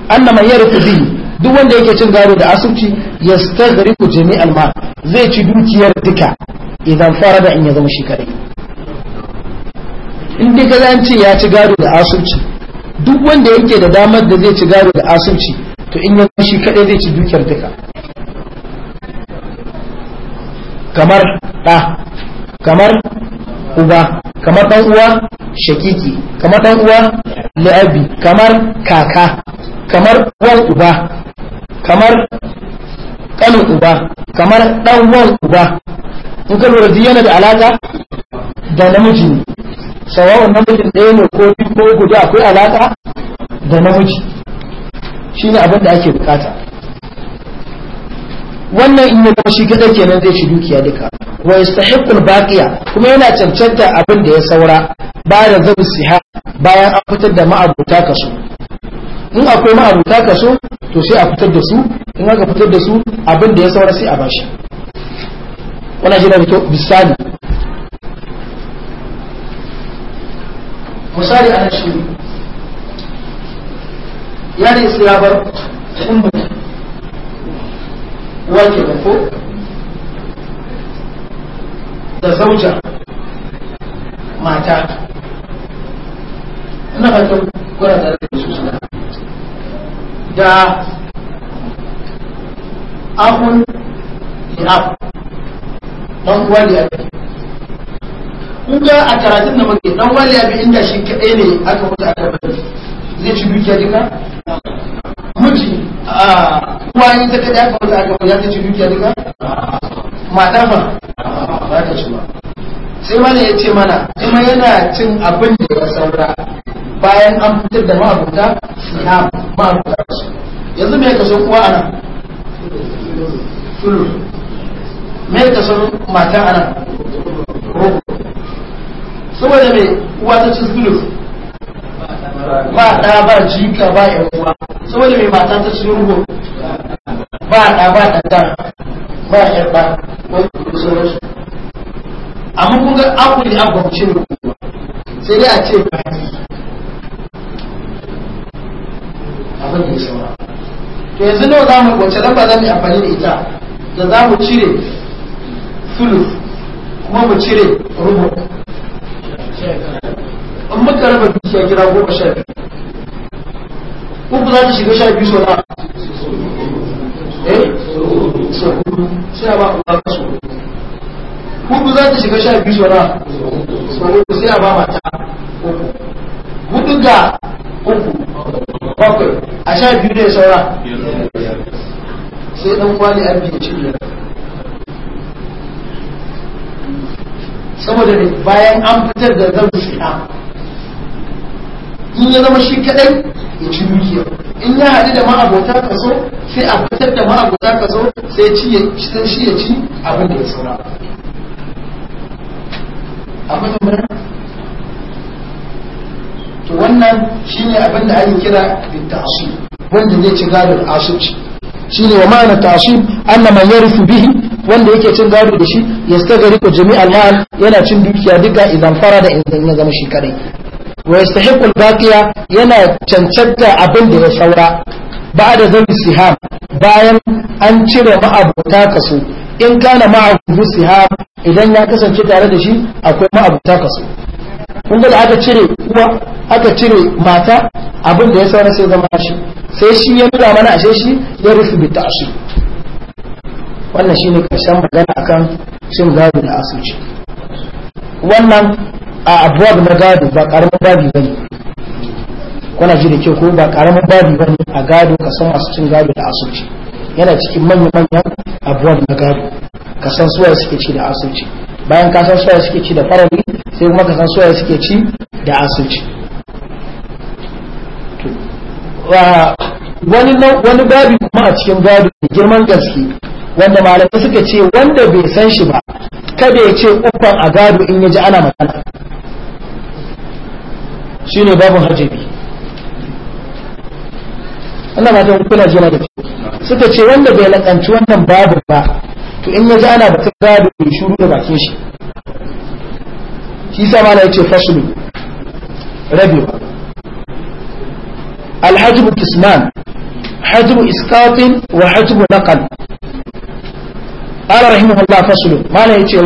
annama yarifu bihi duk wanda yake cin gado da asirci yastaghriqu jami'al mal zai ci dukiyar duka idan farada in ya zama shi kadai in dai kaza ya ci gado da asirci duk wanda yake da damar da zai ci gado da asirci to in yanzu shi kadai zai ci dukiyar duka kamar ɗa kamar uba kamar ɗan uwa shakiki kamar ɗan uwa la'abi kamar kaka kamar wan uba kamar ƙanin uba kamar ɗan wan uba in ka lura yana da alaƙa da namiji sawa'un namijin ɗaya ne ko biyu ko guda akwai alaƙa da namiji Shi ne abin da ake bukata wannan in ya shi gada kenan zai ci dukiya duka wa yastahiqul baqiya kuma yana cancanta abin da ya saura bayan zan siha bayan an fitar da ma'abuta kaso in akwai ma'abuta kaso to sai a fitar da su in aka fitar da su abin da ya saura sai a bashi wannan shi da fito bisani misali ana shi ya ne sai ya bar kumbu wake da ko da zauja mata ina fatan gwada tare da su suna da ahun da abu ɗan uwa da ya kun ga a karatun da muke dan wali bi inda shi kadai ne aka mutu aka bari zai ci dukiya duka Muji a kuwa in ta kadai aka mutu aka bari ya ci dukiya duka mata ma? ba ta ci ba sai mana ya ce mana kuma yana cin abin da ya saura bayan an fitar da ma'abuta na ma'abuta su yanzu mai kaso kuwa ana tulu mai kaso mata ana saboda mai uwa ta ci zulu ba ɗa ba jika ba yan uwa saboda mai mata ta ci rubo ba ɗa ba ɗan ba yan ɗa wani kuma sauransu amma kun ga abu ne abu ba cin sai dai a ce ba abin da ya saura to yanzu nawa za mu wace ba za mu yi amfani da ita da za mu cire fulu kuma mu cire rubu muka raba dukiya gida goma sha biyu uku za ta shiga sha biyu sau na eh? hudu za ta shiga sha biyu sau na sau hudu sai a ba mata uku hudu ga uku bakwai a sha biyu ne saura sai dan kwali an biya cibiyar saboda ne bayan an fitar da zarfi shi'a in ya zama shi kadai ya ci dukiya in ya haɗu da ma'abota kaso sai a fitar da ma'abota kaso sai ci ya ci sai shi ya ci abin da ya saura abin da to wannan shine abin da ake kira bitta'asib wanda zai ci gadon asibci shine wa ma'ana an na manyan yarifu bihi wanda yake cin gado da shi ya stagari ko jami'al mal yana cin dukiya duka idan fara da idan ya zama shi kadai wa yastahiqu al yana cancanta abin da ya saura ba'da zabi siham bayan an cire ma'abuta kaso in kana ma'abuta siham idan ya kasance tare da shi akwai ma'abuta kaso kun da aka cire uwa aka cire mata abin da ya saura sai zama shi sai shi ya nuna mana ashe shi ya rufe bi ta'ashi wannan shine karshen magana akan cin gari da asuci wannan a abuwa na gado ba karamin babi ba ne kuna ji da ke ko ba karamin babi ba ne a gado ka san masu cin gado da asirci yana cikin manya-manyan abuwa na gado ka san suwaye suke ci da asirci bayan ka san suwaye suke ci da farari sai kuma ka san suwaye suke ci da asirci wani babi kuma a cikin gado da girman gaske wanda malamai suka ce wanda bai san shi ba kada ya ce uban a gado in ya ji ana magana shine babin hajjabi Allah ba ta jina jira suka ce wanda bai lakanci wannan babu ba to in ji ana batun babu ya shuru da bakin shi shi sa mala yace fasulu rabiwa alhajib kisman hajib isqatin wa hajib قال رحمه الله فصل ما لا يتي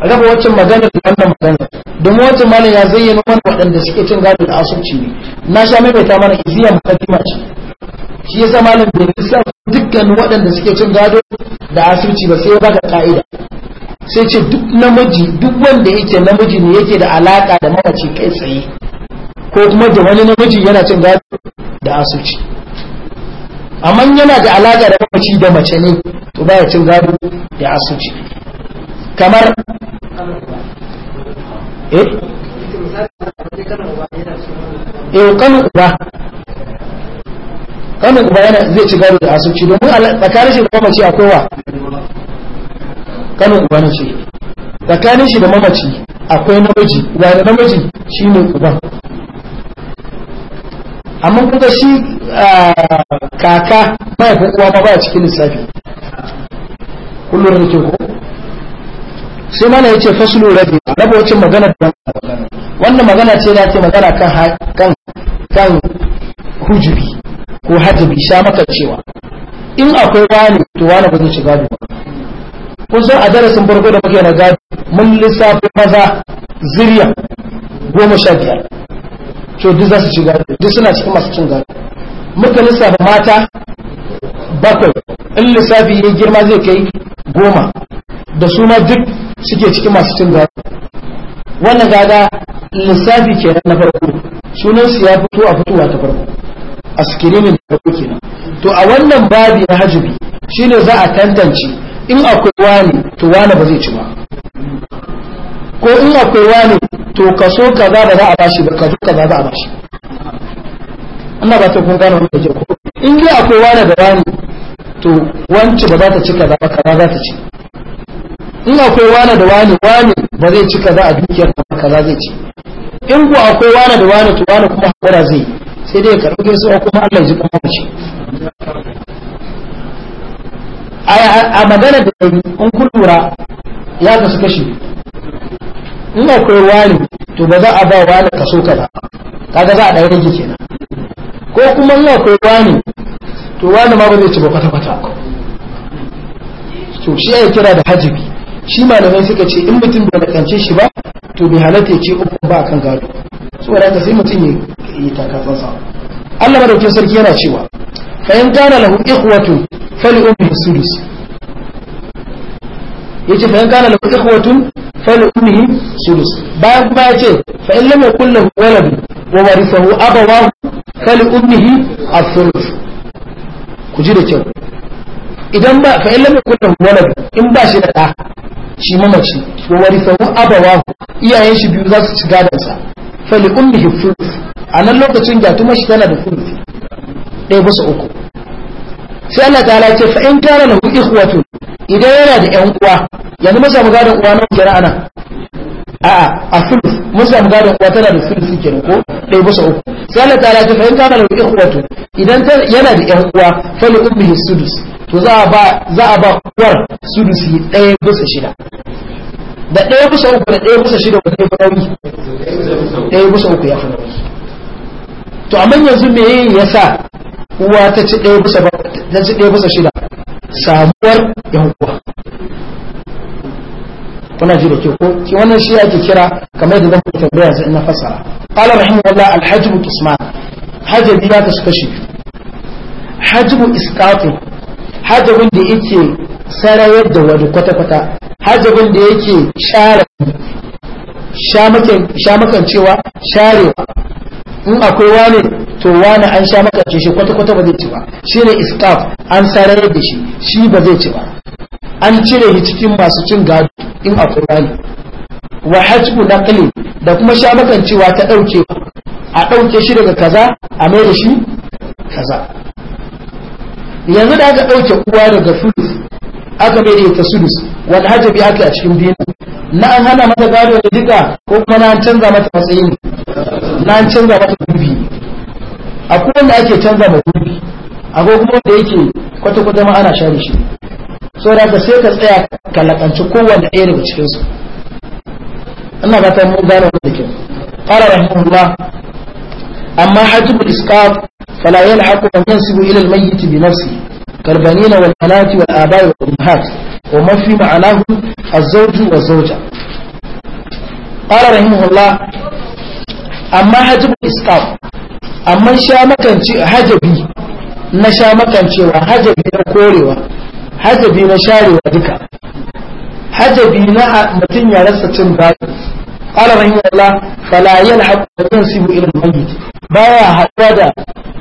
raba waccan magana da wannan magana domin waccan malam ya zayyana mana waɗanda suke cin gado da asubci ne na sha mai ta mana iziya mukaddima ce shi yasa malam bai sa dukkan waɗanda suke cin gado da asubci ba sai ya baka ka'ida sai ce duk namiji duk wanda yake namiji ne yake da alaka da mamaci kai tsaye ko kuma da wani namiji yana cin gado da asubci amma yana da alaka da mamaci da mace ne to baya cin gado da asubci kamar eh eh kanin uba kanin uba yana zai ci gado da asuci domin tsakanin shi da mamaci akwai wa kanin uba na ce tsakanin shi da mamaci akwai namiji wani namiji shi ne uban amma kuka shi kaka mahaifin kuwa ma ba cikin lissafi kullum da ke ko sai mana ya ce fasulu rabi rabocin magana da wannan magana ce na ce magana kan kan kan hujubi ko hajibi sha maka cewa in akwai wani to wani ba zai shiga ba kun san a darasin farko da muke na gado mun lissafi maza zuriya goma sha biyar to duk za su ci gado duk suna cikin masu cin gado muka lissafa mata bakwai in lissafi ya girma zai kai goma da su ma duk suke cikin masu cin gado wannan gada lissafi kenan na farko Sunan su ya fito a fitowa ta farko a skirimin da farko kenan to a wannan babi na hajjubi shine za a tantance in akwai wani to wani ba zai ci ba ko in akwai wani to kaso kaza ba za a bashi ba kaso kaza za a bashi ina ba ta kun gano wanda ke ko in dai akwai wani da wani to wance ba za ta ci kaza ba kaza za ta ci in akwai wani da wani wane ba zai ci kaza a dukiyar ba kaza zai ci in ku akwai wani da wani to wani kuma hakura zai sai dai karɓi a kuma Allah ji kuma mace a magana da yi in ku lura ya kasu kashi in akwai wani to ba za a ba wani kaso kaza kaga za a ɗaya rage kenan ko kuma in akwai wani to wani ma ba zai ci ba kwata-kwata to shi ya kira da hajibi shi malamai suka ce in mutum bai nakance shi ba to bai halatta ce uku ba kan gado da haka sai mutum ya takatsan sa Allah madaukin sarki yana cewa fa in kana lahu ikhwatu fali ummi sudus yace fa in kana lahu ikhwatu fali ummi sudus bayan kuma yace fa in lam yakul lahu walad wa warithahu abawahu fali ummi as-sulus ku ji da kyau idan ba fa mu kullu walad in ba shi da ta shi mamaci ko wari warisahu abawa iyayen shi biyu za su ci gadon sa fa li ummihi thuluth a nan lokacin ga tuma shi tana da thuluth ɗaya su uku sai Allah ta ce fa in kana lahu ikhwatu idan yana da 'yan uwa yanzu mun samu gadon uwa na jira anan a'a a thuluth mun samu gadon uwa tana da thuluth kenan ko ɗaya su uku sai Allah ta ce fa in kana lahu ikhwatu idan yana da 'yan uwa fa li ummihi sudus to za a ba za a ba uwar sudusi ɗaya bisa shida da ɗaya bisa uku da ɗaya bisa shida wanda ya nauyi ɗaya bisa uku ya fi nauyi to manyan yanzu me ya sa uwa ta ci ɗaya bisa ta ci ɗaya bisa shida samuwar yan uwa kuna ji da ke ko ki wannan shi ake kira kamar da zan tambaya yanzu in na fasara qala rahimahullah alhajbu qisman hajabi ya kasu kashi biyu hajbu isqatu hajjabin da yake sarayar da wani kwata-kwata hajjabin da yake share shamakancewa sharewa in akwai wani to wani an sha makance shi kwata-kwata ba zai ci ba shi ne iskaf an sarayar da shi shi ba zai ci ba an cire shi cikin masu cin gado in akwai wani wa na naqli da kuma shamakan cewa ta ɗauke a ɗauke shi daga kaza a mai da shi kaza yanzu da aka ɗauke uwa daga sulus aka bai da sulus sulus wani bi aka a cikin dina na an hana mata gado da duka ko kuma na an canza mata matsayin na an canza mata gurbi kuma da ake canza ma gurbi ko kuma da yake kwata-kwata ma ana share shi saboda ka sai ka tsaya ka lakanci kowanne ɗaya daga cikinsu ina ba ta mun gane wanda kyau قال رحمه أما حجب الإسقاط فلا يلحق من ينسب إلى الميت بنفسه كالبنين والبنات والآباء والأمهات وما في معناه الزوج والزوجة قال رحمه الله أما حجب الإسقاط أما شامكا حجبي نشامكا شوى حجبي نكوري حجبي نشاري ودكا حجبي نعم متن يرسة بايس قال رحمه الله فلا يلحق وتنسب الى الميت بايا حدوا da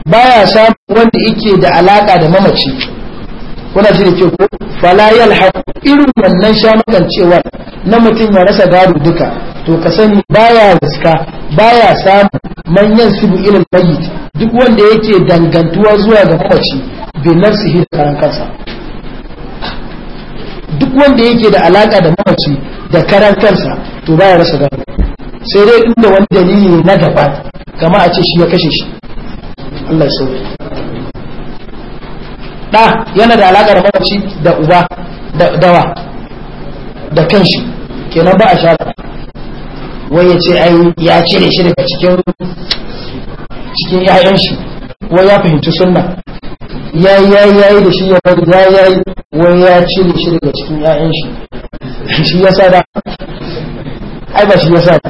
baya samu wanda yake da alaƙa da mamaci kuna ji da ke ko fala irin wannan shamakan cewa na mutum ya rasa gado duka to ka sani baya riska baya samu manyan sibu irin mayyit duk wanda yake dangantuwa zuwa ga mamaci bi nafsihi da karan kansa duk wanda yake da alaka da mamaci da karan kansa to baya rasa gado sai dai inda wani dalili na gaba kama a ce shi ya kashe shi Allah ya da yana da alaka da mamaci da uba da dawa da kanshi kenan ba a shafa wai ya ce ai ya cire shi daga cikin cikin 'ya'yan shi wai ya fahimci sunna ya yi ya yi ya yi da shi ya bari ya ya yi wani ya cire shi daga cikin ya'yan shi shi ya sa da ai ba shi ya sa da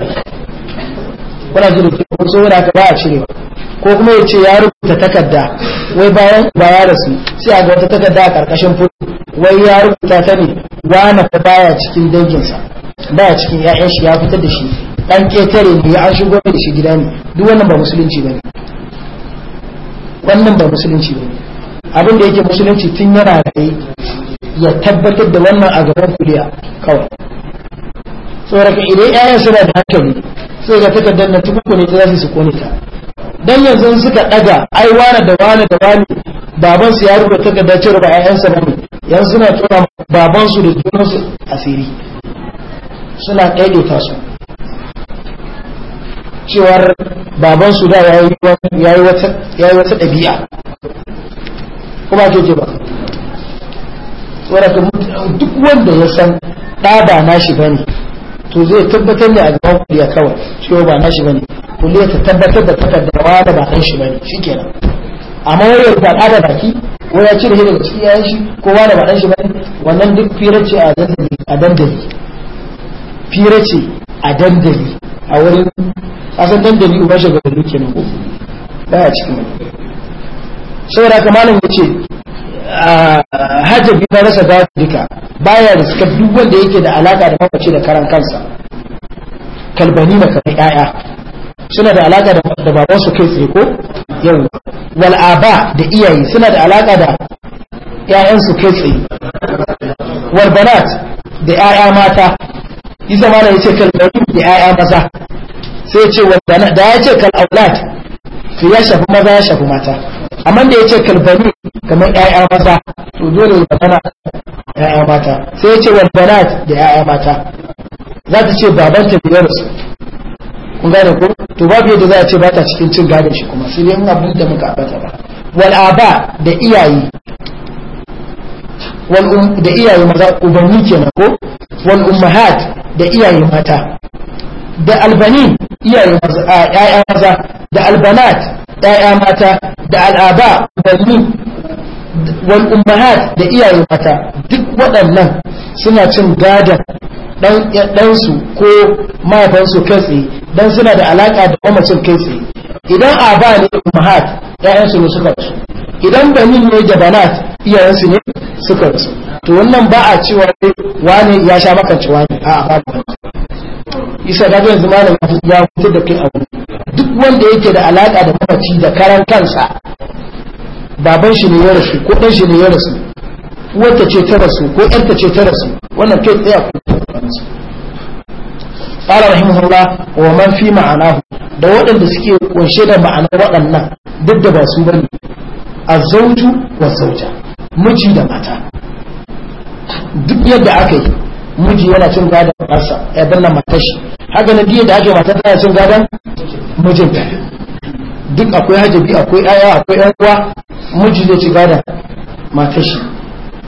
kuna ji da kuma saboda haka ba a cire ko kuma ya ce ya rubuta takarda wai bayan ba ya rasu sai a ga wata takarda a karkashin fudu wai ya rubuta ta ne wani fa baya cikin danginsa baya cikin ya'yan shi ya fitar da shi dan ketare ne an shigo da shi gida ne duk wannan ba musulunci bane wannan ba musulunci bane abin da yake musulunci tun yana raye ya tabbatar da wannan a gaban kuliya kawai tsoraka idan yayan suna da hankali sai ga takardar na tukuku ne ta za su kone ta dan yanzu suka daga ai wane da wane da wane baban su ya rubuta takarda cewa ba yayansa ba ne yan suna tura baban su da junan su asiri suna kaido su cewar baban su da yayi wata ɗabi'a kuma ke ce ba wadda duk wanda ya san ɗaba ba shi ba ne to zai tabbatar da a gaban kuliya kawai cewa ba shi ba ne kuliya ta tabbatar da takardawa da ba ɗan shi ba ne shi kenan amma wani ya ɗa da baki ko ya cire daga ciki yayan shi ko wani ba ɗan shi ba ne wannan duk a ce a dandali firace a dandali a wurin asan dandali uba shagabanni kenan ko ba a cikin wani saboda haka malam ya ce ah, hajjabi na rasa gawa duka baya da suka duk wanda yake da alaka da mamaci da karan kansa kalbani na kamar ƴaƴa suna da alaka da baban su kai tsaye ko yau wal aba da iyaye suna da alaka da ƴaƴansu kai tsaye wal banat da ƴaƴa mata isa malam ya ce kalbani da ƴaƴa maza sai ya ce da ya ce kal aulad to ya shafi maza ya shafi mata amma da ya ce kalbani kamar 'ya'ya maza to dole ya magana 'ya'ya mata sai ya ce wal banat da 'ya'ya mata za ta ce baban ta biyar su kun gane ko to babu yadda za a ce ba ta cikin cin gadon shi kuma sai dai in abin da muka abata ba wal aba da iyaye wal um da iyaye maza ubanni kenan ko wal ummahat da iyaye mata da albanin a ‘ya'ya maza da albanat ‘ya'ya mata da al'aba balli wal da iyaye mata duk waɗannan suna cin gadon ɗansu ko mahaifansu kai tsaye don suna da alaƙa da mamacin kai tsaye idan aba ne ummahat ‘ya'yansu ne suka rasu idan banin ne da banat iyayensu ne suka rasu to wannan ba a cewa wane ya sha makanci wani a a babu isa ga yanzu malam ya fitar da kai abu duk wanda yake da alaka da mamaci da karan kansa baban shi ne ya rasu ko dan shi ne ya rasu uwarta ce ta rasu ko ta ce ta rasu wannan kai tsaya ku قال رحمه الله ومن في معناه da waɗanda suke kunshe da ma'anar waɗannan duk da ba su bane azauju wa zauja miji da mata duk yadda aka yi miji yana cin gadon ɗansa ya danna matashi, haka na biyu da ake matar tana cin gadon mijinta duk akwai hajabi akwai aya akwai yan uwa miji zai ci gadon matashi,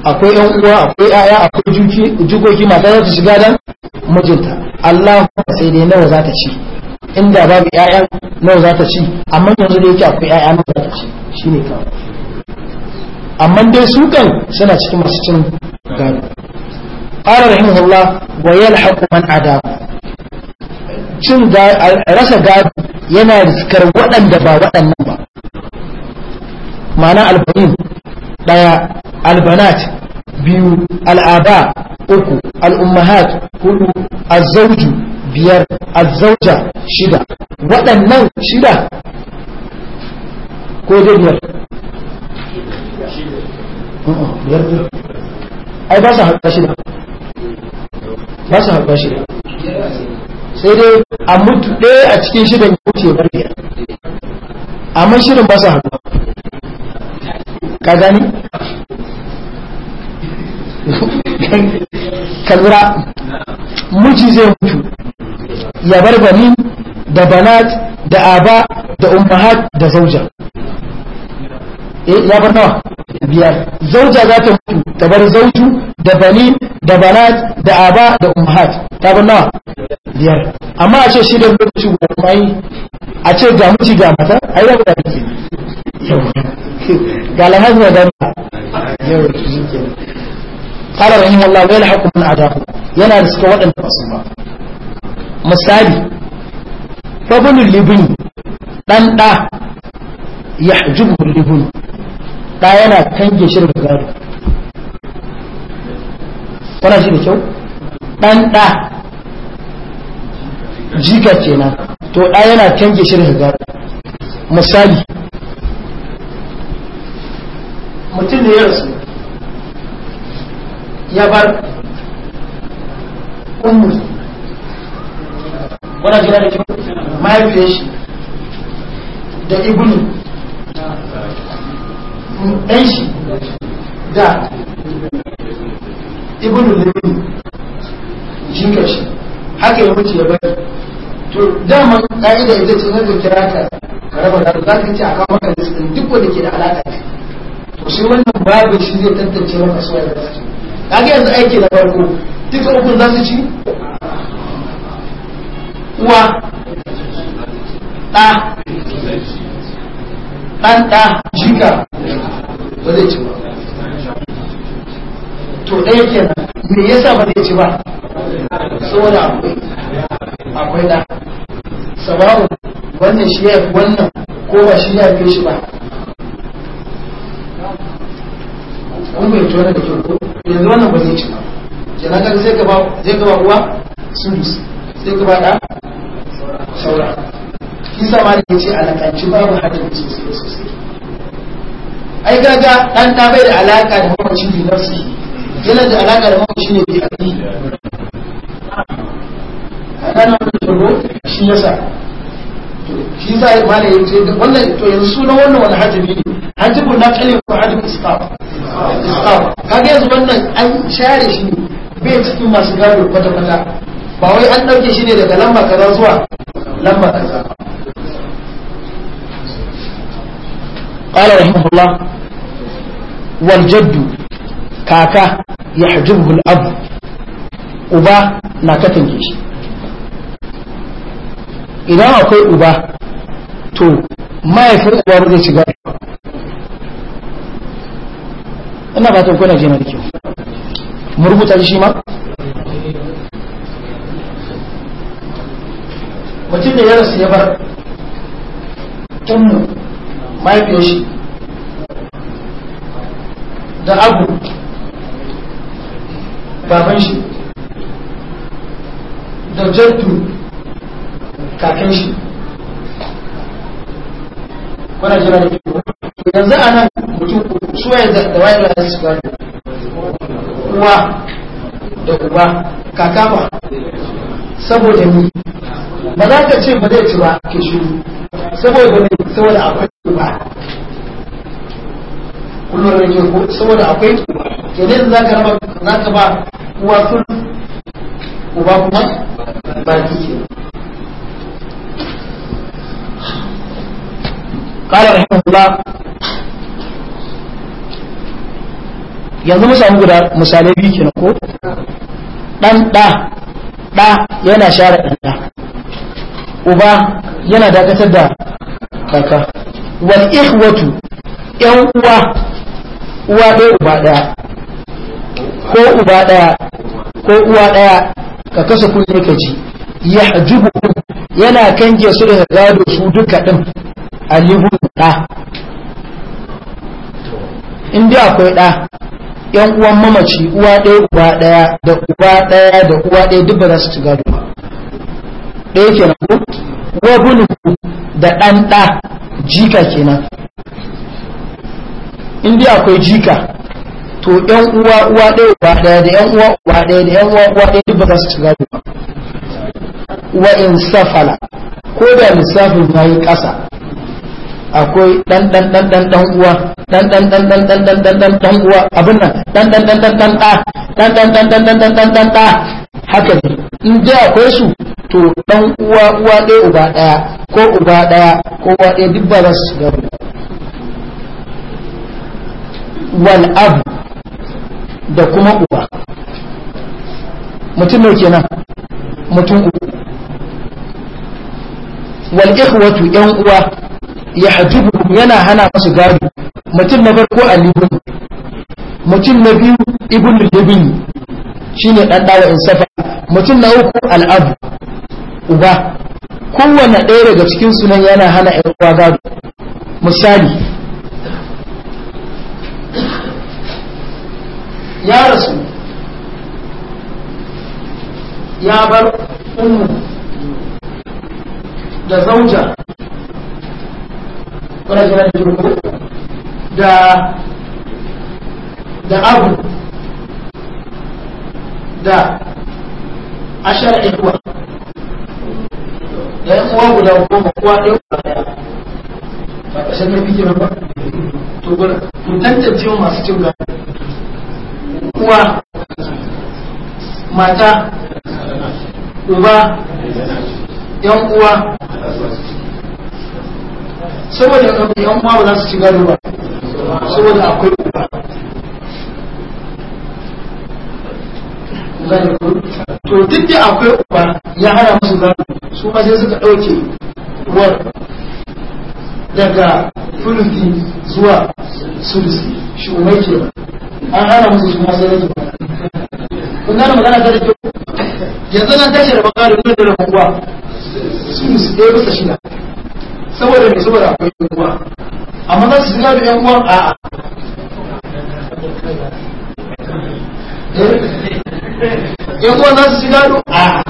akwai yan uwa akwai aya akwai jikoki mata za ta ci gadon mijinta Allah sai dai nawa za ta ci inda babu ƴaƴa nawa za ta ci amma yanzu da yake akwai ƴaƴa nawa za ta ci shine kawai amma dai su kan suna cikin masu cin gadon قال رحمه الله ويلحق من عداه cin rasa gado yana riskar waɗanda ba waɗannan ba ma'ana albanin ɗaya albanat biyu al'ada uku al'ummahat hudu azzauju biyar azauja shida waɗannan shida ko dai biyar ai ba su haɗa shida ba su harba shida sai dai a mutu ɗaya a cikin shidan ya wuce bar biyar amma shirin ba su harba ka gani ka lura miji zai mutu ya bar bani da banat da aba da ummahat da zauja eh, ya bar nawa biyar zauja za ta mutu ta bar zauju da bani da banat da aba da umhat ta bar nawa biyar amma a ce shi da lokaci guda kuma yi a ce ga miji ga mata ai da guda ke ga na da dan yau ke qala rahimahullah wa yalhaqu mana adahu yana da suka waɗanda masu ba misali fabulul ɗan dan ya jubu libni da yana kange shi daga gado kuna shi da kyau dan da jika kenan to da yana tanke shi daga gado misali mutum ne ya rasu ya bar ummu wana jira da kyau mahaifiyar shi da ibnu ɗan shi da ibn lulun jika shi haka ya mutu ya bari to daman ƙa'ida ita ce da kira ka raba da za ka ce a kawo maka listin duk wanda ke da alaƙa ne to shi wannan babu shi zai tantance maka suwa da su kaga yanzu aiki na farko duka ukun za su ci uwa ɗa Ɗanɗa jika ba zai ci ba to ɗaya kenan me yasa ba zai ci ba saboda akwai akwai sababu wannan shi ya fi wannan ko ba shi ya fi shi ba kun bai tona da kyau ko yanzu wannan ba zai ci ba kenan zai sai ka ba uwa sun sai ka ba saura kisa ma da yace alakanci babu hadin sosai sosai ai gaga dan ta bai da alaka da mamaci ne nafsi yana da alaka da mamaci ne bi aki kana da tsoro shi yasa to shi ya ce, da wannan to yanzu sunan wannan wani hajji ne hajjibun na kale ko hajjibun istaf istaf kaga yanzu wannan an share shi ne bai cikin masu gado kwata-kwata ba wai an ɗauke shi ne daga lamba kaza zuwa lamba kaza qala rahimahullah wal jaddu kaka yahjubuhu al abu uba na katange shi idan akwai uba to mahaifin uba ba zai shiga ina fatan kuna je na da kyau mu rubuta shi ma da ya ya bar mahaifiyar da abu baban shi da jaddu kakan shi kuna jira da kyau. yanzu a nan mutum yanzu da waye da su gani uwa da uba kakama saboda ni ba za ka ce ba zai ci ba ke shiru saboda ne saboda akwai tuba kullum da ke ko saboda akwai tuba to ne za ka raba za ka ba uwa sun uba kuma ba ke قال رحمه الله yanzu mu samu guda misalai biyu kenan ko dan da da yana share dan da uba yana dakatar da kaka wal ikhwatu yan uwa uwa ɗaya uba ɗaya ko uba ɗaya ko uwa ɗaya ka kasa kunne ka ji ya yana kange su da gado su duka ɗin alihun ɗa in dai akwai ɗa yan uwan mamaci uwa ɗaya uba ɗaya da uba ɗaya da uwa ɗaya duk ba za su ci gado ba ɗaya kenan ko wa bunu da ɗan ɗa jika kenan in dai akwai jika to ƴan uwa uwa ɗaya uba ɗaya da ƴan uwa uwa ɗaya da ƴan uwa uwa ɗaya duk ba za su ci gado ba wa in safala ko da lissafin ya yi ƙasa akwai ɗan ɗan ɗan ɗan ɗan uwa ɗan ɗan ɗan ɗan ɗan ɗan ɗan ɗan ɗan uwa abin nan ɗan ɗan ɗan ɗan ɗan ɗa ɗan ɗan ɗan ɗan ɗan ɗan ɗan ɗa haka ne in dai akwai su to dan uwa uwa ɗaya uba ɗaya ko uba ɗaya ko uwa ɗaya duk ba za su shiga ba wal ab da kuma uba mutum ne kenan mutum uku wal ikhwatu yan uwa ya hajjubu yana hana masu gado mutum na farko alibun mutum na biyu ibn libin shine dan in insafa mutum na uku al'abu uba kowanne ɗaya daga cikin sunan yana hana ƴan uwa gado misali ya rasu ya bar ummu da zauja da da abu da ashar ikuwa da yan uwa guda goma kowa ɗaya guda ɗaya ba ƙasar na fi ba to gudu ku tantance masu cin gado uwa mata uba yan uwa saboda yan uwa ba za su ci gado ba saboda akwai to duk da akwai uba ya hana musu gado su ma sai suka ɗauke uwar daga fulufi zuwa sulusi shi umai ke an hana musu shi ma sai zuwa. kun gane magana ta da kyau yanzu nan tashi da bakari ne da rabon uwa sulusi ɗaya bisa shida saboda mai saboda akwai uwa amma za su shiga da yan uwan a'a eh? yan uwan za su ci a ah.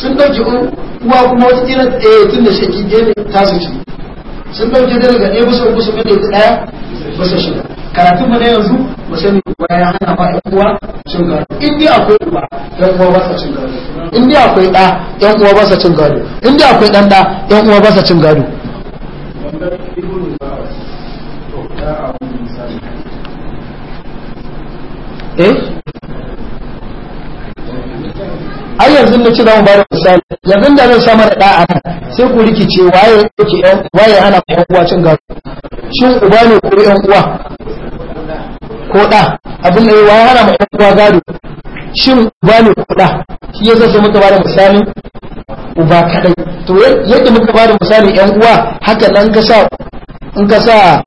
sun ɗauki uwa kuma wata da ɗaya eh, tun da shaki gefe ta su ci sun ɗauki da daga ɗaya bisa uku su ɗaya ɗaya bisa shida karatun mu na yanzu mu sani ya hana ba ƴan uwa cin gado in dai akwai uwa ƴan uwa ba sa cin gado in dai akwai ɗa ƴan uwa ba sa cin gado in dai akwai ɗan ɗa ƴan uwa ba sa cin gado. eh yanzu na ci zan ba da misali yanzu da zan samar da da'a sai ku rikice waye yake yan waye ana ko uwa cin gado shin uba ne ko yan uwa ko da abin da waye ana ko uwa gado shin uba ne ko da shi ya sai muka ba da misali uba kadai to yadda muka ba da misali yan uwa haka nan ka sa in ka sa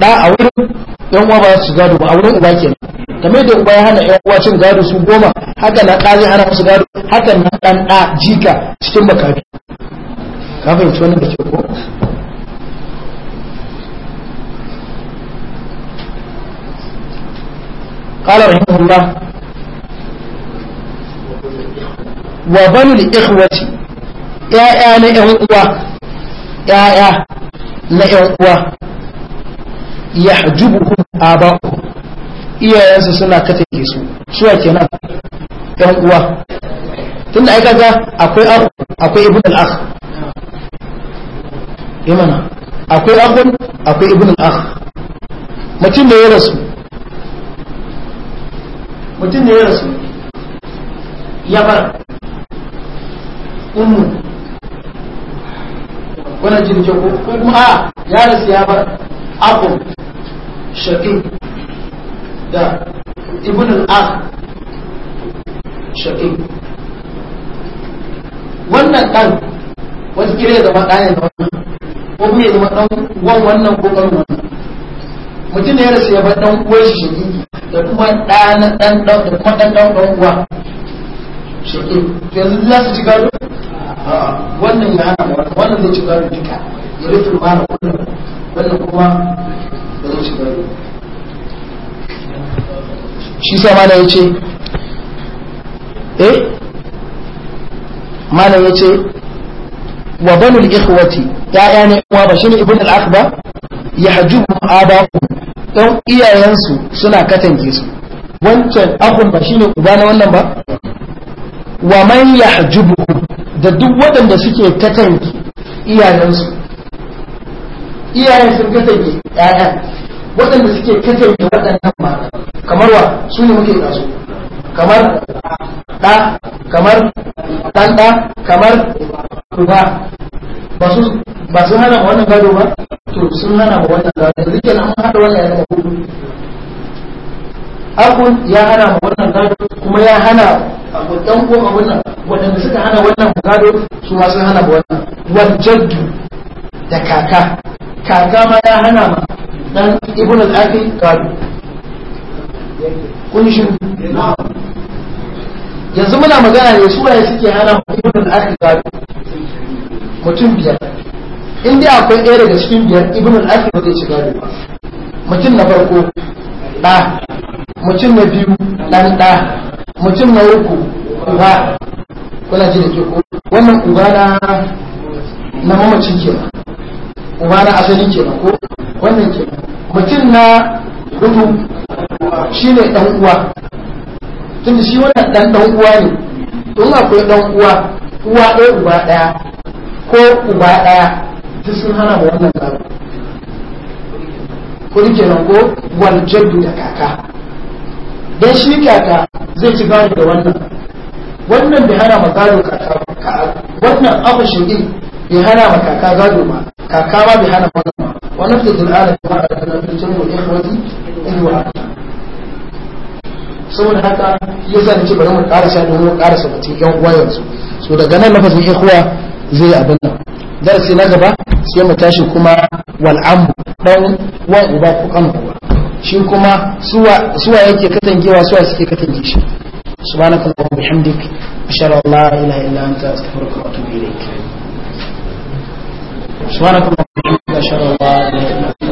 da a wurin yan uwa ba su gado ba a wurin uba kenan kamar da uba ya hana yan uwa cin gado su goma haka na ɗa zai hana gado haka na ɗan ɗa jika cikin makafi ka fahimci wannan da ke ko قال رحمه الله وبنو الإخوة يا يا na ‘yan uwa, ya ya na ‘yan uwa’. yahjubuhum aba'uhum iyayensu suna katake su suwa kenan yan uwa tun da aika ga akwai akhu akwai ibn al-akh imana eh akwai akhun akwai ibn al mutum da ya rasu mutum da ya rasu ya bar umu wani jirgin ko kuma a ya rasu ya bar akhun شقيق da ابن الاخ شقيق wannan dan wasu kire ya zama da wannan ko kuma ya zama ɗan uwan wannan ko ƙarin wannan mutum ne ya rasu ya bar ɗan shi da kuma ɗan ɗan ɗan da kuma ɗan ɗan ɗan uwa yanzu za su ci gado wannan ya hana wannan zai ci gado duka ya rufe wannan wannan kuma shi sa mana ya ce eh mana ya ce wa banul ikhwati ya'ya ne uwa ba shine ibn al ba ya haju abahu dan iyayensu suna katange su wancan akun ba shine uba na wannan ba wa man yahjubu da duk waɗanda suke katange iyayensu iyayen sun kasance ƴaƴan waɗanda suke kasance waɗannan malamai kamar wa su ne muke kasu kamar ɗa kamar ɗan ɗa kamar ɗuba. ba su hana ma wannan gado ba to sun hana ma wannan gado yanzu kenan nan haɗa wannan ya hudu akun ya hana ma wannan gado kuma ya hana ɗan uwan a wannan waɗanda suka hana wannan gado su ma sun hana ma wannan wajen da kaka kaka ma ya hana ma dan ibn al-aqil kun shi yanzu muna magana ne su waye suke hana ma ibn al-aqil qalu mutum biyar in dai akwai ɗaya daga cikin biyar ibn al-aqil ba zai ci gado ba mutum na farko ɗa mutum na biyu ɗan ɗa mutum na uku uba kuna ji da ke ko wannan uba na na mamacin kenan uba na asali kenan ko wannan ke mutum na hudu shine ɗan uwa tunda shi wannan ɗan ɗan uwa ne don akwai ɗan uwa uwa ɗaya uba ɗaya ko uba ɗaya duk sun hana ma wannan tsaro ko nan ko wal jaddu da kaka dan shi kaka zai ci gado da wannan wannan bai hana ma gado kaka wannan abu shugin bai hana ma kaka gado ba kakawa bai hana wannan wannan da zulala ta fara da nan tun da ya kwazi inuwa saboda haka ya sa nace bari mu ƙara karasa da mu karasa mutum yan uwa yanzu so daga nan lafazin ikhwa zai abin nan darasi na gaba sai mu tashi kuma wal amu dan wan uba ku kan uba shi kuma suwa suwa yake katangewa suwa suke katange shi subhanakallahumma bihamdik ashhadu an la ilaha illa anta astaghfiruka wa atubu ilaik subhanallahi wa bihamdihi ashhadu an la ilaha illa